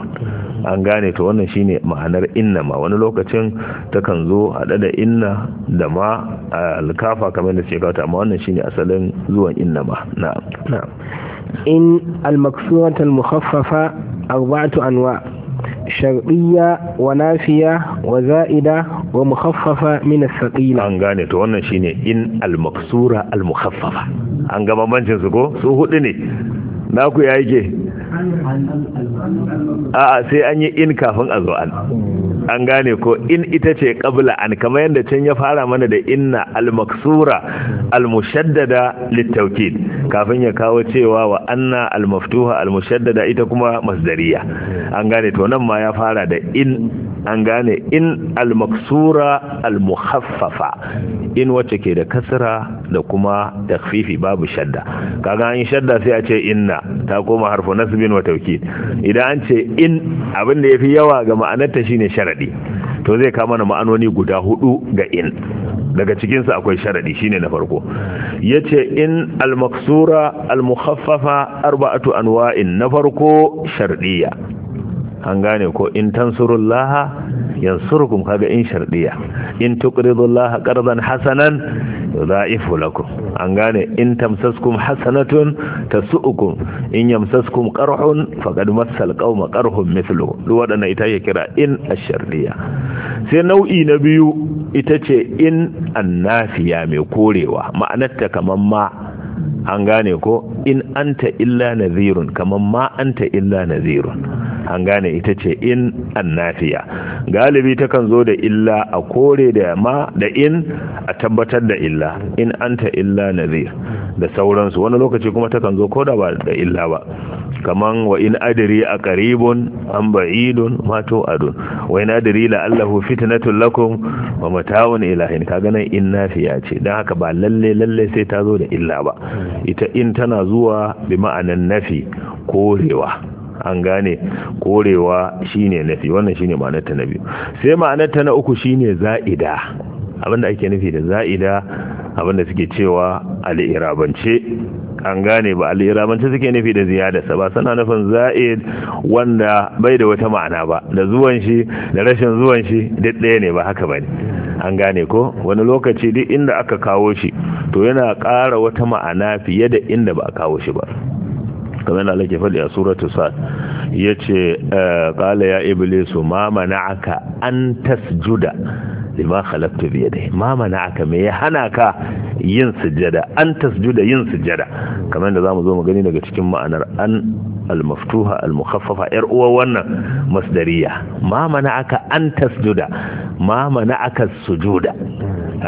S1: an gane ta wannan shine ma'anar innama wani lokacin takan zo haɗe da inna da ma alkafa kamar da ce kawata amma wannan shine asalin zuwan innama na'am
S2: in al-maksurata al-mukhaffafa arba'atu anwa' shar'iyya wa nafiya wa za'ida wa mukhaffafa min as-saqila
S1: an gane to wannan shine in al-maksura al-mukhaffafa an ga bambancin su ko su hudu ne na ku ya yake a'a sai an yi in kafin a zo an an gane ko in ita ce kabla an kamar yadda can ya fara mana da inna al-maksura al-mushaddada littaukid kafin ya kawo cewa wa anna al-maftuha al-mushaddada ita kuma masdariya an gane to nan ma ya fara da in an gane in al-maksura al-mukhaffafa in wacce ke da kasra da kuma takfifi babu shadda kaga an shadda sai a ce inna ta koma harfu nasbin wa tawkid idan an ce in abin da yafi yawa ga ta shine sharadi sharadi to zai kama mana ma'anoni guda hudu ga in daga cikinsa akwai sharadi shine na farko Ya ce in al-maksura al-mukhaffafa arba'atu anwa'in na farko shardiya an gane ko in tansurullaha yansurkum kaga in shardiya in tuqridullaha qardan hasanan yudha'ifu lakum an gane in tamsaskum hasanatun tasu'ukum in yamsaskum qarhun faqad massal qauma qarhun mithluhu duk wadannan ita ya kira in ash-shardiya sai nau'i na biyu ita ce in annafiya mai korewa ma'anarta kaman ma an gane ko in anta illa nazirun kamar ma anta illa nazirun an gane ita ce in annafiya galibi takan zo da illa a kore da ma da in a tabbatar da illa in anta illa nazir da sauransu wani lokaci kuma takan zo ko da ba da illa ba kaman wa in adri a qaribun am ba'idun ma tu'adun wa in adri la allahu fitnatul lakum wa mata'un ilahin kaga nan in nafiya ce dan haka ba lalle lalle sai ta zo da illa ba ita in tana zuwa bi ma'anan nafi korewa an gane korewa shine nafi wannan shine ma'anar ta na biyu sai ma'anar ta na uku shine za'ida abinda ake nufi da za'ida abinda suke cewa al-irabance an gane ba al'iramance suke nufi da ziyadarsa ba suna nufin za'id wanda bai da wata ma'ana ba da zuwan shi da rashin zuwan shi duk ɗaya ne ba haka bane ne an gane ko wani lokaci duk inda aka kawo shi to yana ƙara wata ma'ana fiye da inda ba a kawo shi ba kamar yana lake faɗi a suratu sa ya ce ƙala eh, ya iblisu ma aka an tasjuda lima khalaqtu bi ma mana'aka me ya hana ka yin sujjada an tasjuda yin sujjada kamar da zamu zo mu gani daga cikin ma'anar an al-maftuha al-mukhaffafa yar uwa wannan masdariya ma mana aka an tasjuda ma mana aka sujuda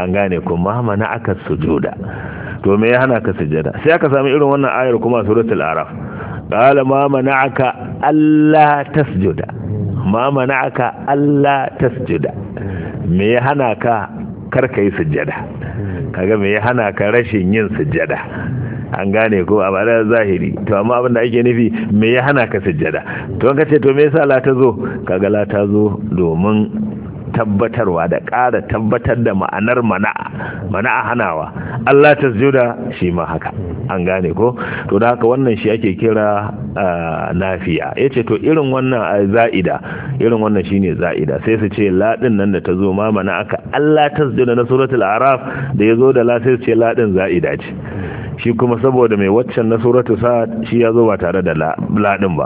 S1: an gane ko ma mana aka sujuda to me ya hana ka sujjada sai aka sami irin wannan ayar kuma suratul araf qala ma aka alla tasjuda ma aka alla tasjuda me ya hana ka karka yi sujjada ga me ya hana ka rashin yin sujjada an gane ko a bada zahiri to amma abin da ake nufi me ya hana ka sujjada to an kace to me yasa la ta zo kaga la ta zo domin tabbatarwa da ƙara tabbatar da ma'anar mana'a mana'a hanawa Allah ta zuda shi ma haka an gane ko to da haka wannan shi ake kira nafiya ya ce to irin wannan za'ida irin wannan shine za'ida sai su ce laɗin nan da ta zo ma mana aka Allah ta zuda na suratul araf da ya zo da la sai su ce laɗin za'ida ce shi kuma saboda mai waccan na suratu sa'ad shi ya zo ba tare da laɗin ba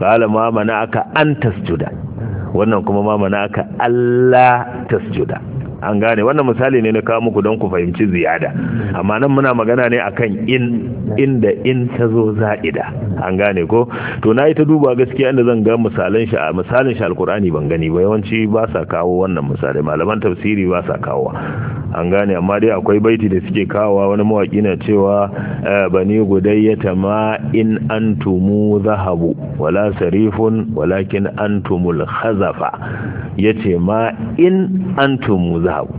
S1: qala ma mana aka an tasjuda wannan kuma ma mana aka Allah tasjuda an gane wannan misali ne na kawo muku don ku fahimci ziyada amma nan muna magana ne akan in inda in ta zo za'ida an gane ko to na yi ta duba gaskiya inda zan ga misalan shi misalin shi alkur'ani ban gani ba yawanci ba sa kawo wannan misali malaman tafsiri ba sa kawo an gane amma dai akwai baiti da suke kawo wani mawaki na cewa eh, bani gudayyata ma in antumu zahabu wala sarifun walakin antumul khazafa yace ma in antumu zahabu zahabu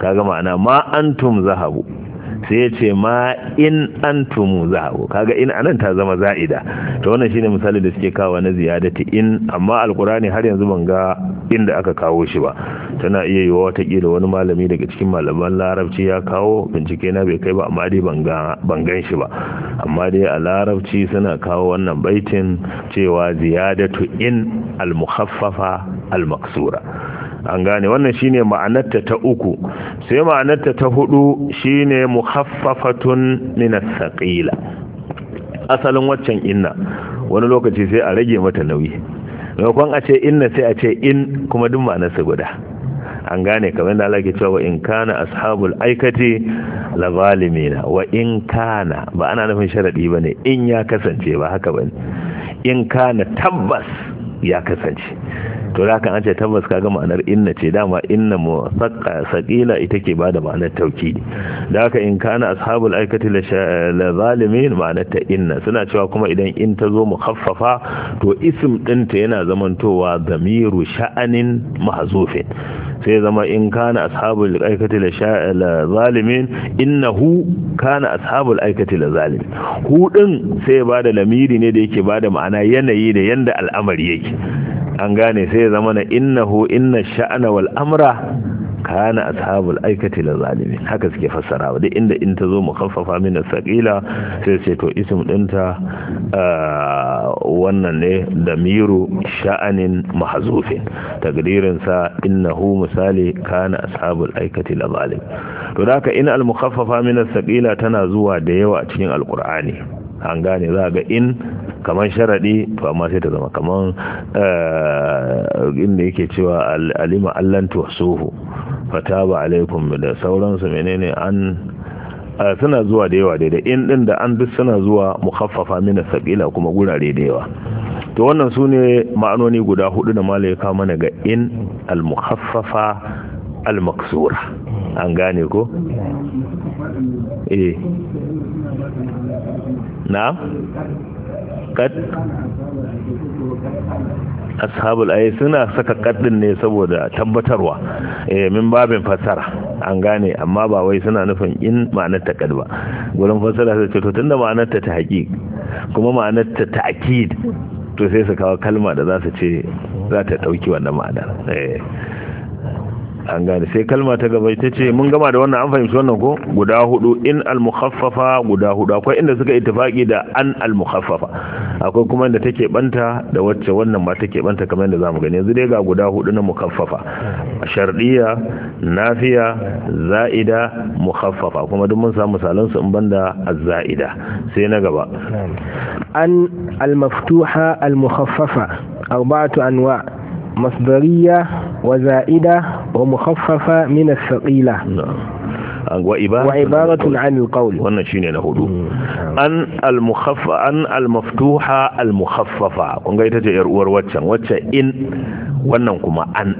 S1: kaga ma'ana ma antum zahabu sai ya ce ma in antum zahabu kaga in anan ta zama za'ida to wannan shine misali da suke kawo na ziyadati in amma alqurani har yanzu ban ga inda aka kawo shi ba tana iya yiwa watakila wani malami daga cikin malaman larabci ya kawo bincike na bai kai ba amma dai ban gan shi ba amma dai a larabci suna kawo wannan baitin cewa ziyadatu in al-mukhaffafa al-maksura an gane wannan shine ma'anarta ta uku sai ma'anarta ta hudu shine muhaffafatun min as-saqila asalin waccan inna wani lokaci sai a rage mata nauyi maimakon a ce inna sai a ce in kuma duk ma'anarsa guda an gane kamar da Allah ke cewa in kana ashabul aikati la zalimina wa in kana ba ana nufin sharadi bane in ya kasance ba haka bane in kana tabbas ya kasance to da kan ce tabbas kaga ma'anar inna ce dama inna mu saqila ita ke bada ma'anar taukidi da haka in kana ashabul aikati la zalimin ma'anar ta inna suna cewa kuma idan in ta zo mu khaffafa to ism ɗinta yana zamantowa zamiru sha'anin mahzufin sai zama in kana ashabul aikati la zalimin innahu kana ashabul aikati la zalim hu din sai bada lamiri ne da yake bada ma'ana yanayi da yanda al'amari yake an gane sai ya zama na innahu inna sha'ana wal amra kana ashabul aikati la zalimin haka suke fassara duk inda in ta zo mukhaffafa min asqila sai sai to ism dinta ah, wannan ne damiru sha'anin mahzufin taqdirin sa innahu misali kana ashabul aikati la zalim to haka in al mukhaffafa min asqila tana zuwa da yawa a cikin alqur'ani an gane za ga in kaman sharaɗi to amma sai ta zama kaman eh, inda yake cewa alima allan fata fataba alaikum da sauransu menene an eh, suna zuwa da yawa daidai in din da an duk suna zuwa mukhaffafa min sabila kuma gurare da yawa to wannan su ne ma'anoni guda hudu da malai ya mana ga in al-mukhaffafa al-maksura an gane ko eh na kad ashabul ayi suna saka kaddin ne saboda tabbatarwa eh min babin fasara an gane amma ba wai suna nufin in ma'anar ta kad ba gurin fasara sai to tunda ma'anar ta ta kuma ma'anar ta ta'kid to sai su kawo kalma da za su ce za ta ɗauki wannan ma'anar eh an gane sai kalma ta gaba ita ce mun gama da wannan an fahimci wannan ko guda hudu in al-mukhaffafa guda hudu akwai inda suka ittifaki da an al akwai kuma inda take banta da wacce wannan ba take banta kamar yadda zamu gani yanzu dai ga guda hudu na mukhaffafa shar'iyya nafiya za'ida mukhaffafa kuma duk mun samu misalan su in banda azza'ida sai na gaba
S2: an al-maftuha al-mukhaffafa arba'atu anwa' masdariya wa za'ida wa الثقيلة
S1: وعبارة, وعبارة عن القول وانا شيني نهدو أن المخف أن المفتوحة المخففة كونغا يتجي يرور واتشا إن وانا كما أن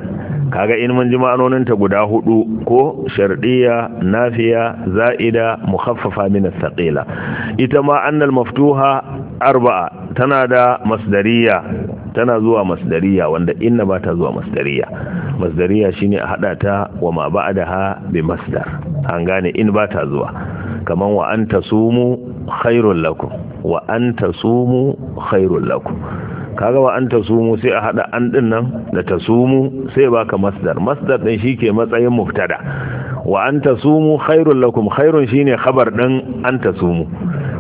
S1: kaga in mun jima anoninta guda hudu ko shardiya nafiya za'ida mukhaffafa min as ita ma annal maftuha arba'a tana da masdariya tana zuwa masdariya wanda inna ba ta zuwa masdariya masdariya shine a hada ta wa ma ba'daha bi masdar an gane in ba ta zuwa kaman wa anta sumu khairul lakum wa anta sumu khairul lakum kaga wa anta sumu sai a hada an din nan da ta sumu sai baka masdar masdar din shike matsayin muftada wa anta sumu khairul lakum khairun shine khabar din anta sumu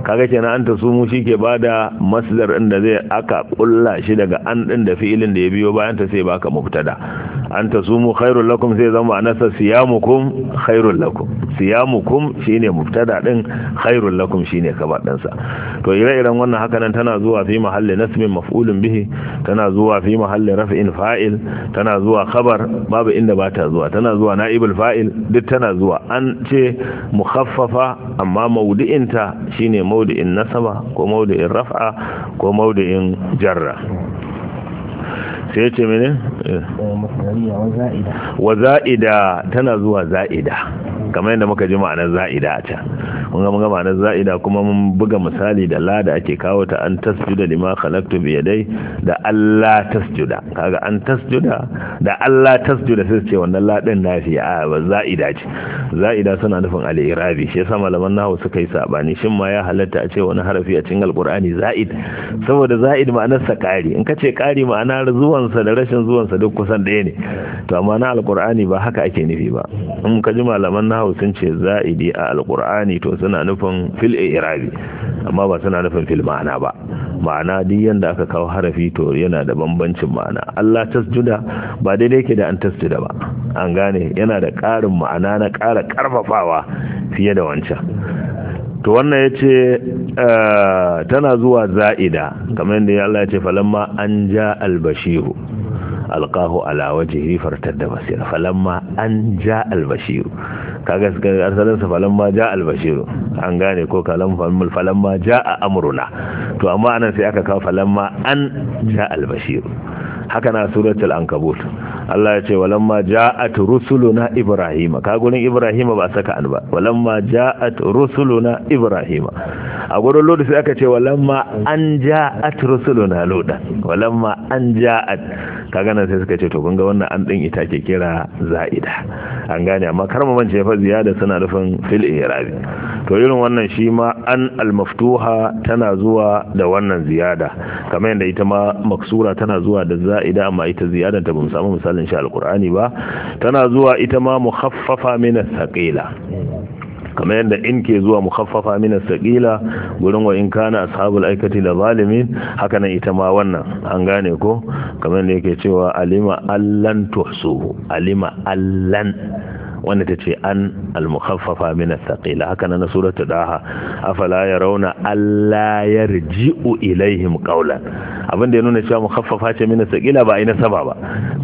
S1: kaga kenan an tasumu shike bada masdar inda zai aka kulla shi daga an din da fi'ilin da ya biyo bayan ta sai baka mubtada an tasumu khairul lakum zai zama anasa siyamukum khairul lakum siyamukum shine mubtada din khairul lakum shine ne kaba ɗansa to ire-iren wannan haka nan tana zuwa fi mahalli nasmin maf'ulun bihi tana zuwa fi mahalli raf'in fa'il tana zuwa khabar babu inda ba ta zuwa tana zuwa na'ibul fa'il duk tana zuwa an ce mukhaffafa amma maudi'inta shine maudi'in nasaba ko maudi'in raf'a ko maudi'in jarra sai ce mene wa za'ida tana zuwa za'ida kamar yadda muka ji ma'anar za'ida a can mun ga ma'anar za'ida kuma mun buga misali da la da ake kawo ta an tasjuda lima khalaqtu bi yadai da Allah tasjuda kaga an tasjuda da Allah tasjuda sai ce wannan la din nafi a ba za'ida ce za'ida suna nufin al-irabi shi yasa malaman nahwu suka yi sabani shin ma ya halatta a ce wani harafi a cikin alqur'ani za'id saboda za'id ma'anar sa kari in kace kari ma'anar zuwan zuwansa da rashin zuwansa duk kusan ɗaya ne to amma na alkur'ani ba haka ake nufi ba in ka ji malaman na sun ce za'idi a alkur'ani to suna nufin fil irabi amma ba suna nufin fil ma'ana ba ma'ana duk yanda aka kawo harafi to yana da bambancin ma'ana Allah tasjuda ba daidai yake da an tasjuda ba an gane yana da ƙarin ma'ana na ƙara ƙarfafawa fiye da wancan to wannan ya ce ah, tana zuwa za'ida kamar yadda Allah ya ce falamma an ja albashiru alƙahu ala waje fartar da basira falamma an ja albashiru kaga asalinsa falamma ja albashiru an gane ko kalan falamma ja a amuruna to amma anan sai aka kawo falamma an ja albashiru haka na suratul ankabut Allah ya ce walamma ja'at rusuluna ibrahima ka gurin ibrahima ba saka an ba walamma ja'at rusuluna ibrahima a gurin lodi sai aka ce walamma an ja'at rusuluna loda walamma an ja'at kaga nan sai suka ce to kun ga wannan an din ita ke kira za'ida an gane amma kar mu mance fa ziyada suna nufin fil i'rabi to irin wannan shi ma an al maftuha tana zuwa da wannan ziyada kamar yadda ita ma maksura tana zuwa da za'ida amma ita ziyada ta bamu samu misalin shi alqur'ani ba tana zuwa ita ma mukhaffafa min mini sakela. kamar yadda in ke zuwa mu min mina saqila gurin wa in kana ashabul aikati da zalimin haka nan ita ma wannan an gane ko kamar da yake cewa alima allan tuhsuhu alima allan wanda ta ce an al-mukhaffafa min as-saqila haka nan suratul daha afala yarawna alla yarji'u ilaihim qawlan abin da ya nuna cewa mukhaffafa ce mina sakila ba ai nasaba ba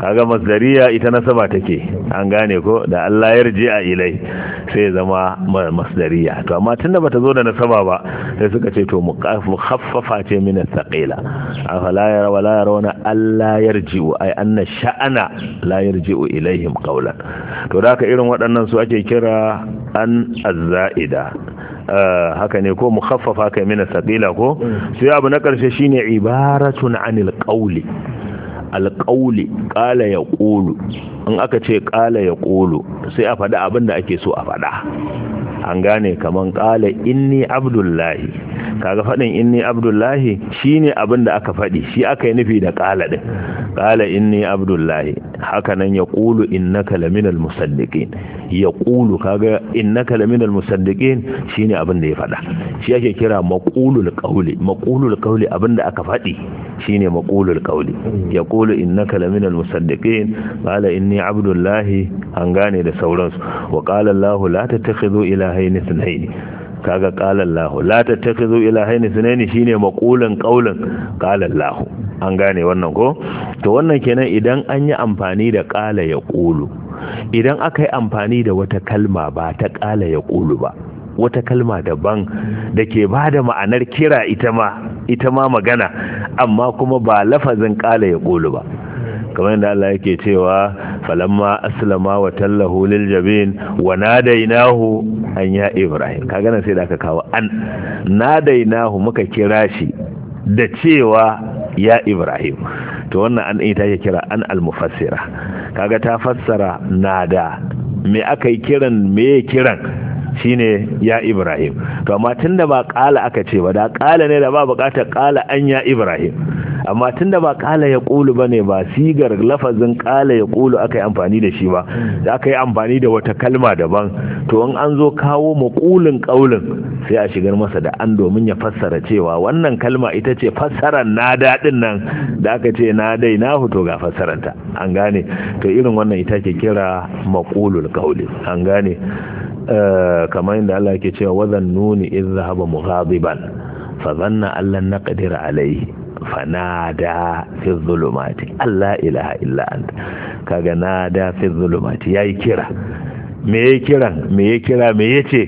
S1: kaga masdariya ita nasaba take an gane ko da Allah ya rje a ilai sai ya zama masdariya to amma tunda bata zo da nasaba ba sai suka ce to mukhaffafa ce mina sakila afala yara wala yarawna Allah yarji'u ai anna sha'ana la yarji'u ilaihim qawlan to da haka irin waɗannan su ake kira an azza'ida Eh, haka ne ko mukhaffafa kai mina saqila ko sai abu na karshe shine ibaratun anil qawli alƙauli ƙala ya ƙulu in aka ce ƙala ya sai a faɗi abin da ake so a faɗa an gane kaman ƙala inni abdullahi kaga faɗin inni abdullahi shine abin da aka faɗi shi aka yi nufi da ƙala din. ƙala inni abdullahi Hakanan nan ya ƙulu innaka laminal musaddiqin ya ƙulu kaga innaka laminal musaddiqin shine abin da ya faɗa shi ake kira maqulul qawli maqulul qawli abin da aka faɗi shine maqulul qawli ya ƙulu innaka laminal musaddiqin qala inni abdullahi an gane da sauransu wa qala allah la tattakhidhu ilahayn ithnayn kaga qala Allah la tattakhizu ilahayn sunaini shine maqulan qaulan qala lahu, an gane wannan ko to wannan kenan idan an yi amfani da qala yaqulu idan aka yi amfani da wata kalma ba ta qala yaqulu ba wata kalma daban da ke ba da ma'anar kira ita ma ita ma magana amma kuma ba lafazin ƙala ya ƙulu ba kamar yadda Allah yake cewa falamma aslama wa tallahu lil jabin wa nadainahu an ya ibrahim kaga nan sai da aka kawo an nadainahu muka kira shi da cewa ya ibrahim to wannan an ita ke kira an al-mufassira kaga ta fassara nada me aka yi kiran me kiran shine ya ibrahim to amma tunda ba kala aka ce ba da kala ne da ba bukatar kala an ya ibrahim amma tunda ba kala ya kulu ne, ba sigar lafazin kala ya kulu aka yi amfani da shi ba da aka yi amfani da wata kalma daban to in an zo kawo makulin kaulin sai a shigar masa da an domin ya fassara cewa wannan kalma ita ce fassarar na daɗin nan da aka ce na dai na hoto ga fassaranta an gane to irin wannan ita ke kira makulul kauli an gane Eh, kamar inda Allah yake cewa wazan nuni in zahaba mughadiban fa zanna allan naqdir alayhi fanada fi zulumati Allah ilaha illa anta kaga nada fi zulumati yayi kira me ya kiran me ya kira me ya ce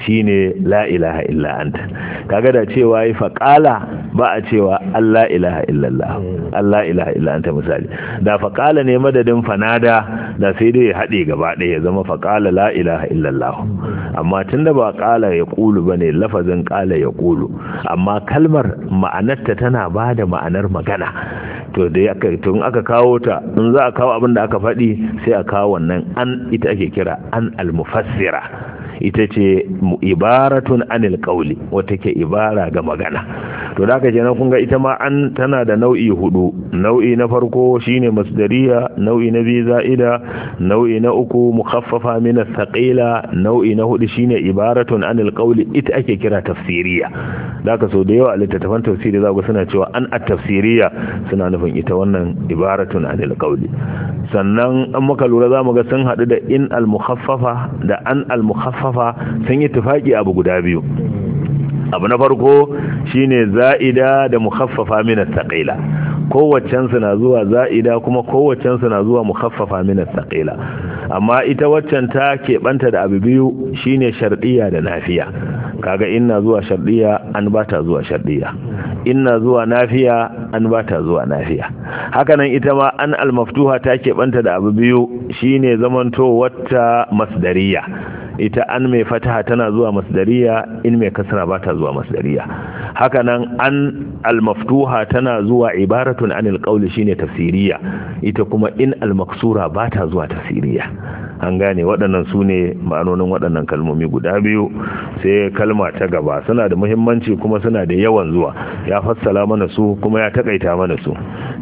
S1: shine la ilaha illa anta kaga da cewa yi faƙala ba a cewa Allah ilaha illallah Allah ilaha illa anta misali da faƙala ne madadin fanada da sai dai ya haɗe gaba ɗaya ya zama faƙala la ilaha illallah amma tun da ba ƙala ya ƙulu ba ne lafazin ƙala ya ƙulu amma kalmar ma'anarta tana ba da ma'anar magana to da aka tun aka kawo ta in za a kawo abin da aka faɗi sai a kawo wannan an ita ake kira an almufassira ita ce ibaratun anil kauli wata ke ibara ga magana to da ka kenan kun ga ita ma an tana da nau'i hudu nau'i na farko shine masdariya nau'i na biyu za'ida nau'i na uku mukhaffafa min athqila nau'i na hudu shine ibaratun anil kauli ita ake kira tafsiriya da ka so da yawa littattafan tafsiri za ku suna cewa an at-tafsiriya suna nufin ita wannan ibaratun anil kauli sannan an muka lura za ga sun hadu da in al-mukhaffafa da an al-mukhaffafa mukhaffafa sun yi tufaki abu guda biyu abu na farko shine za'ida da mukhaffafa min at thaqila kowaccen su na zuwa za'ida kuma kowaccen su na zuwa mukhaffafa min at thaqila amma ita waccan ta ke banta da abu biyu shine shardiya da nafiya kaga inna zuwa shardiya an bata zuwa shardiya inna zuwa nafiya an bata zuwa nafiya hakanan ita ma an al-maftuha ta ke banta da abu biyu shine zamanto wata masdariya ita an mai fataha tana zuwa masdariya in mai kasra ba ta zuwa masdariya haka nan an almaftuha tana zuwa ibaratun anil qawli shine tafsiriya ita kuma in almaksura ba ta zuwa tafsiriya an gane waɗannan su ne ma'anonin waɗannan kalmomi guda biyu sai kalma ta gaba suna da muhimmanci kuma suna da yawan zuwa ya fassala mana su kuma ya takaita mana su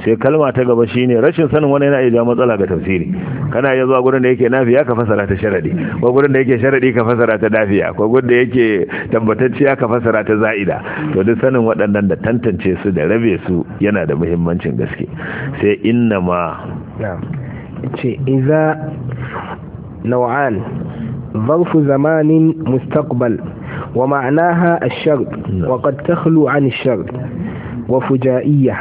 S1: sai kalma ta gaba shine rashin sanin wani yana iya matsala ga tafsiri kana iya zuwa gurin da yake nafiya ka fassara ta sharadi ko gurin da yake sharadi ka fassara ta dafiya ko gurin da yake tabbatacciya ka fassara ta za'ida to duk sanin waɗannan da tantance su da rabe su yana da muhimmancin gaske sai inna ma
S2: ce iza نوعان ظرف زمان مستقبل ومعناها الشرط وقد تخلو عن الشرط وفجائية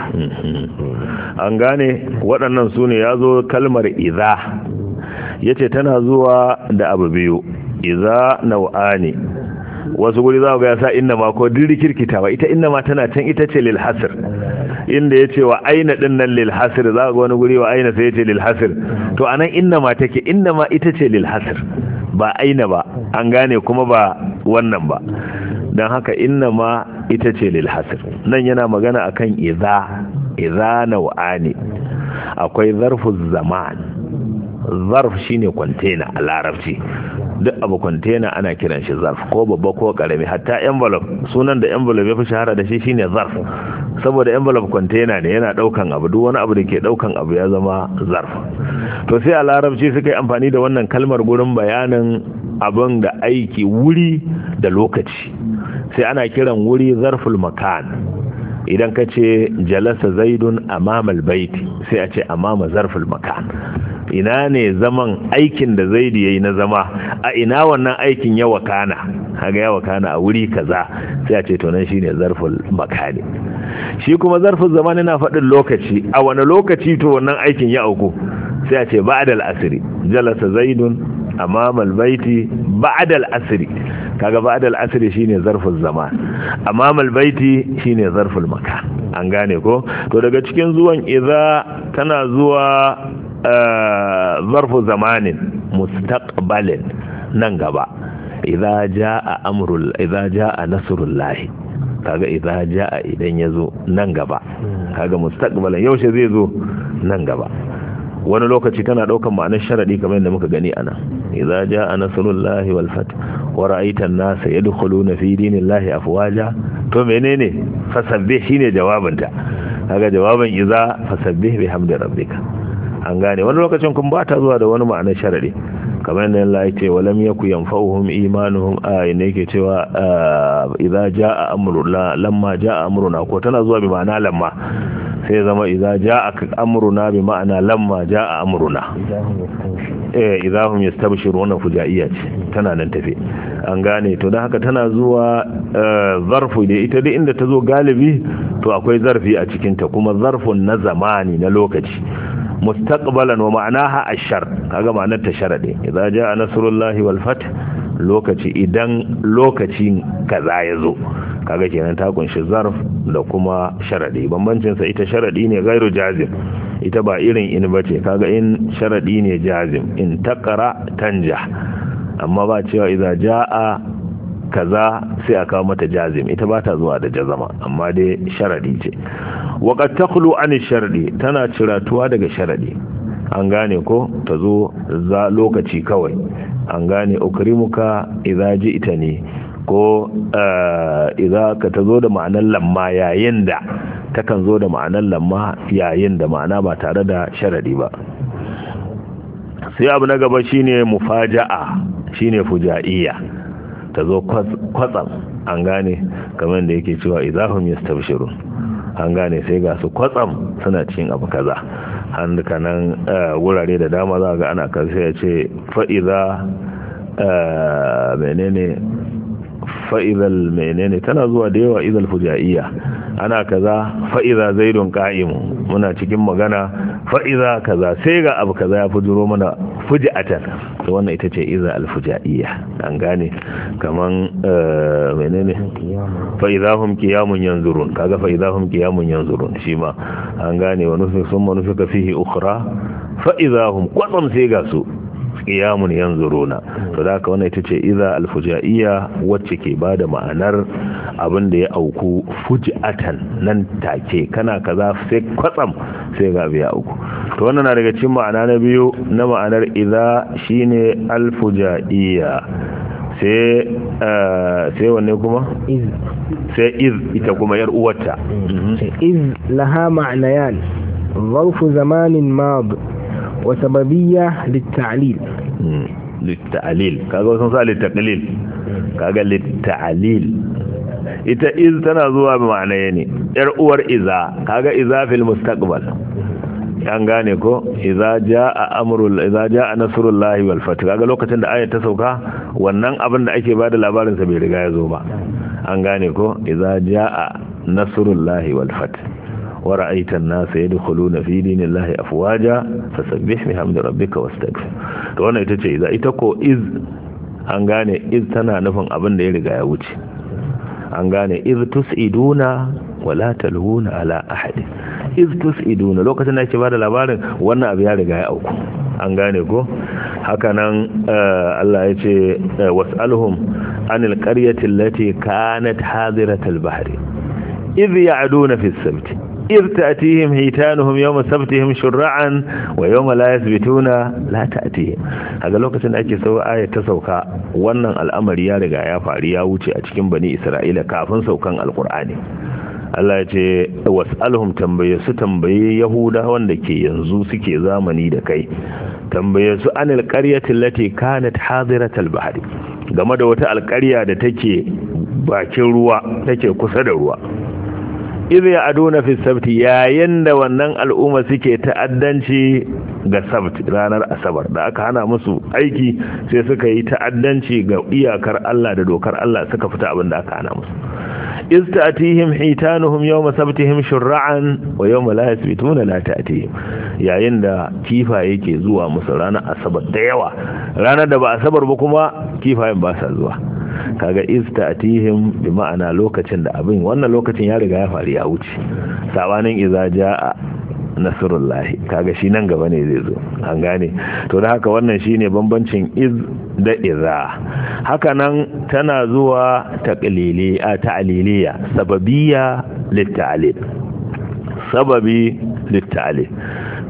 S1: أنغاني وأنا سوني يازو كلمة إذا yace tana zuwa da abu biyu iza nau'ani wasu guri za ga ya sa inna ma ko diri ba ita inna ma tana can ita ce lil hasr inda ya ce wa aina din nan lil hasr za ga wani guri wa aina sai ya lil hasr to anan inna ma take inna ma ita ce lil hasr ba aina ba an gane kuma ba wannan ba dan haka inna ma ita ce lil hasr nan yana magana akan idza idza nau'ani akwai zarfu zaman zarf shine kwantena a larabci duk abu kwantena ana kiran shi zarf ko babba ko karami hatta envelope sunan da envelope ya fi shahara da shi shine zarf saboda envelope kwantena ne yana daukan abu duk wani abu da ke daukan abu ya zama zarf to sai a larabci suka yi amfani da wannan kalmar gurin bayanin abin da aiki wuri da lokaci sai ana kiran wuri zarful makan idan kace ce jalasa zaidun amamal baiti sai a ce amama zarful makan ina ne zaman aikin da zaidi yayi na zama a ina wannan aikin ya wakana haga ya wakana a wuri kaza sai a ce to nan shine zarful makani shi kuma zarful zamani na faɗin lokaci a wani lokaci to wannan aikin ya auku sai a ce ba'dal asri jalasa zaidun amama albayti ba'dal asri kaga ba'dal asri shine zarful zaman amama albayti shine zarful maka. an gane ko to daga cikin zuwan idza tana zuwa zarfu zamanin mustaqbalin nan gaba idza jaa amrul idza jaa nasrullah kaga idza jaa idan yazo nan gaba kaga mustaqbalan yaushe zai zo nan gaba wani lokaci tana daukan ma'anar sharadi kamar yadda muka gani ana idza jaa nasrullahi wal fath wa ra'aita an nas yadkhuluna fi dinillahi afwaja to menene fasabbih shine jawabinta kaga jawaban idza fasabbih bihamdi rabbika an gane wani lokacin kun ba ta zuwa da wani ma'anar sharadi kamar yadda Allah ya ce walam yaku yanfa'uhum imanuhum a ne yake cewa idza jaa la lamma jaa amruna ko tana zuwa bi ma'ana lamma sai zama idza jaa amruna bi ma'ana lamma jaa amruna eh idza hum yastabshiruna fujaiya ce tana nan tafe an gane to dan haka tana zuwa eh, zarfu da ita dai inda ta zo galibi to akwai zarfi a cikinta kuma zarfun na zamani na lokaci mustaqbalan wa ma'anaha ashar kaga ma'anar ta sharade idza jaa nasrullahi wal fath lokaci idan lokacin kaza ya zo kaga kenan ta kunshi zarf da kuma sharadi bambancin sa ita sharadi ne gairu jazim ita ba irin in bace kaga in sharadi ne jazim in taqra tanja amma ba cewa idza jaa kaza sai a kawo mata jazim ita ba ta zuwa da jazama amma dai sharadi ce wa qad taqlu an sharri tana ciratuwa daga sharri an gane ko ta zo za lokaci kawai an gane ukrimuka idza ji'ta ne ko eh, idza ka ta zo da ma'anar lamma yayin da takan zo da ma'anar lamma yayin da ma'ana ba tare da sharri ba sai abu na gaba shine mufaja'a shine fuja'iya ta zo kwatsam an gane kamar da yake cewa idza hum yastabshirun an gane sai ga su kwatsam suna cikin abu kaza duka nan eh, wurare da dama za ga ana kan sai ya ce fa'iza eh, menene fa'izal menene tana zuwa da yawa izal fujaiya ana kaza fa'iza zaidun qa'im muna cikin magana fa'iza kaza sai ga abu kaza ya fujiro mana fujiatan to wannan ita ce iza al fujaiya an gane kaman eh, menene hum qiyamun yanzurun kaga hum qiyamun yanzurun shi ma an gane wa nufi summa nufika fihi ukhra hum kwatsam sai ga su qiyamun yanzuruna to da haka wannan ita ce iza alfujaiya wacce ke bada ma'anar abin da ya auku fujatan nan take kana kaza sai kwatsam sai ga biya uku to wannan na daga cikin ma'ana na biyu na ma'anar iza shine alfujaiya sai eh, sai wanne kuma sai iz ita kuma yar uwarta
S2: mm-hmm. iz laha ma'nayan ظرف زمان ماض wa sababiyya litta'lil
S1: litta'lil kaga wasan sa litta'lil kaga litta'lil ita iz tana zuwa bi ma'ana ne yar uwar iza kaga iza fil mustaqbal an gane ko iza jaa amrul iza jaa nasrullahi wal fath kaga lokacin da ayat ta sauka wannan abin da ake bada labarin sa bai riga ya zo ba an gane ko iza jaa nasrullahi wal fath ورأيت الناس يدخلون في دين الله أفواجا فسبح بحمد ربك واستغفر wastaghfir to إذا ita ce أنغاني إذ ko iz an gane iz tana nufin abin da ya riga ya wuce an gane iz كتنا wala talhuna ala أبيار iz أوكو da labarin wannan abu ya riga ya an gane ko hakanan Allah ya ce was'alhum anil qaryati allati kanat hadiratal bahri iz ya'duna fis samti irtatihim hitanuhum yawma sabtihim wa la lokacin da ake sau aya ta sauka wannan al'amari ya riga ya faru ya wuce a cikin bani Isra'ila kafin saukan alkur'ani Allah ya ce alhum tambaye su tambaye Yahuda wanda ke yanzu suke zamani da kai tambaye su anil qaryati allati kanat hadiratal bahri game da wata alƙarya da take bakin ruwa take kusa da ruwa a ya'duna fi sabti yayin da wannan al'umma suke ta'addanci ga sabti ranar asabar da aka hana musu aiki sai suka yi ta'addanci ga iyakar Allah da dokar Allah suka fita abin da aka hana musu iz ta'tihim hitanuhum yawma sabtihim shur'an wa yawma la yasbituna la ta'tihim yayin da kifaye ke zuwa musu ranar asabar da yawa ranar da ba asabar ba kuma kifayen ba sa zuwa kaga atihim bi ma'ana lokacin da abin wannan lokacin ya riga ya faru ya wuce sabanin iza jaa nasrullah kaga shi nan gaba ne zai zo an gane to da haka wannan shine bambancin iz da iza haka nan tana zuwa taqlili a ta'liliya sababiyya litta'lil sababi litta'lil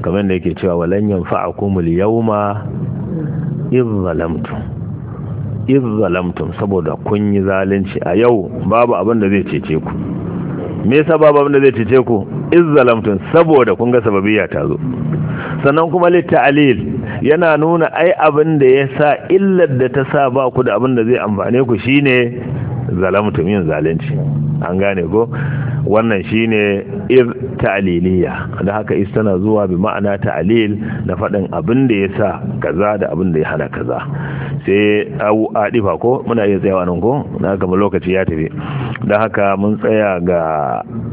S1: kamar da yake cewa walan al yawma idh zalamtum iz zalamtum saboda kun yi zalunci a yau babu abin da zai cece ku me yasa babu abin da zai cece ku iz zalamtum saboda kun ga sababiyya ta zo sannan kuma litta'alil yana nuna ai abin da ya sa illar da ta sa ba ku da abin da zai amfane ku shine zalamtum yin zalunci an gane ko wannan shine iz ta'liliya da haka is tana zuwa bi ma'ana ta'lil na faɗin abin da ya sa kaza da abin da ya hana kaza sai au adifa ko muna iya tsayawa nan ko na haka lokaci ya tafi da haka mun tsaya ga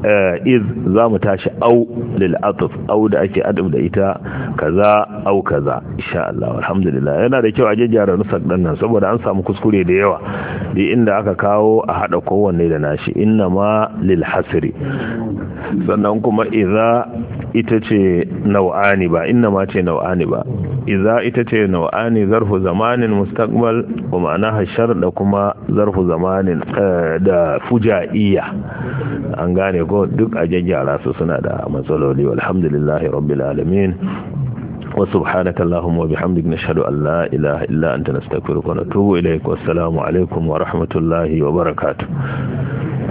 S1: eh, iz za mu tashi au lil atuf au da ake adab da ita kaza au kaza insha Allah alhamdulillah yana da kyau a jajjara nusak dan nan saboda an samu kuskure da yawa bi inda aka kawo a hada kowanne da nashi inna ma lil hasr sannan kuma iza ita ce nau'ani ba inna ma ce nau'ani ba iza ita ce nau'ani zarfu zamanin mustaqbal wa ma'ana hashar da kuma zarfu zamanin eh, da fuja'iya an gane ko duk a jajjara su suna da matsaloli walhamdulillahi rabbil alamin wa subhanaka allahumma wa bihamdik nashhadu an la ilaha illa anta nastaghfiruka wa natubu ilayk wa assalamu alaikum
S2: wa rahmatullahi wa barakatuh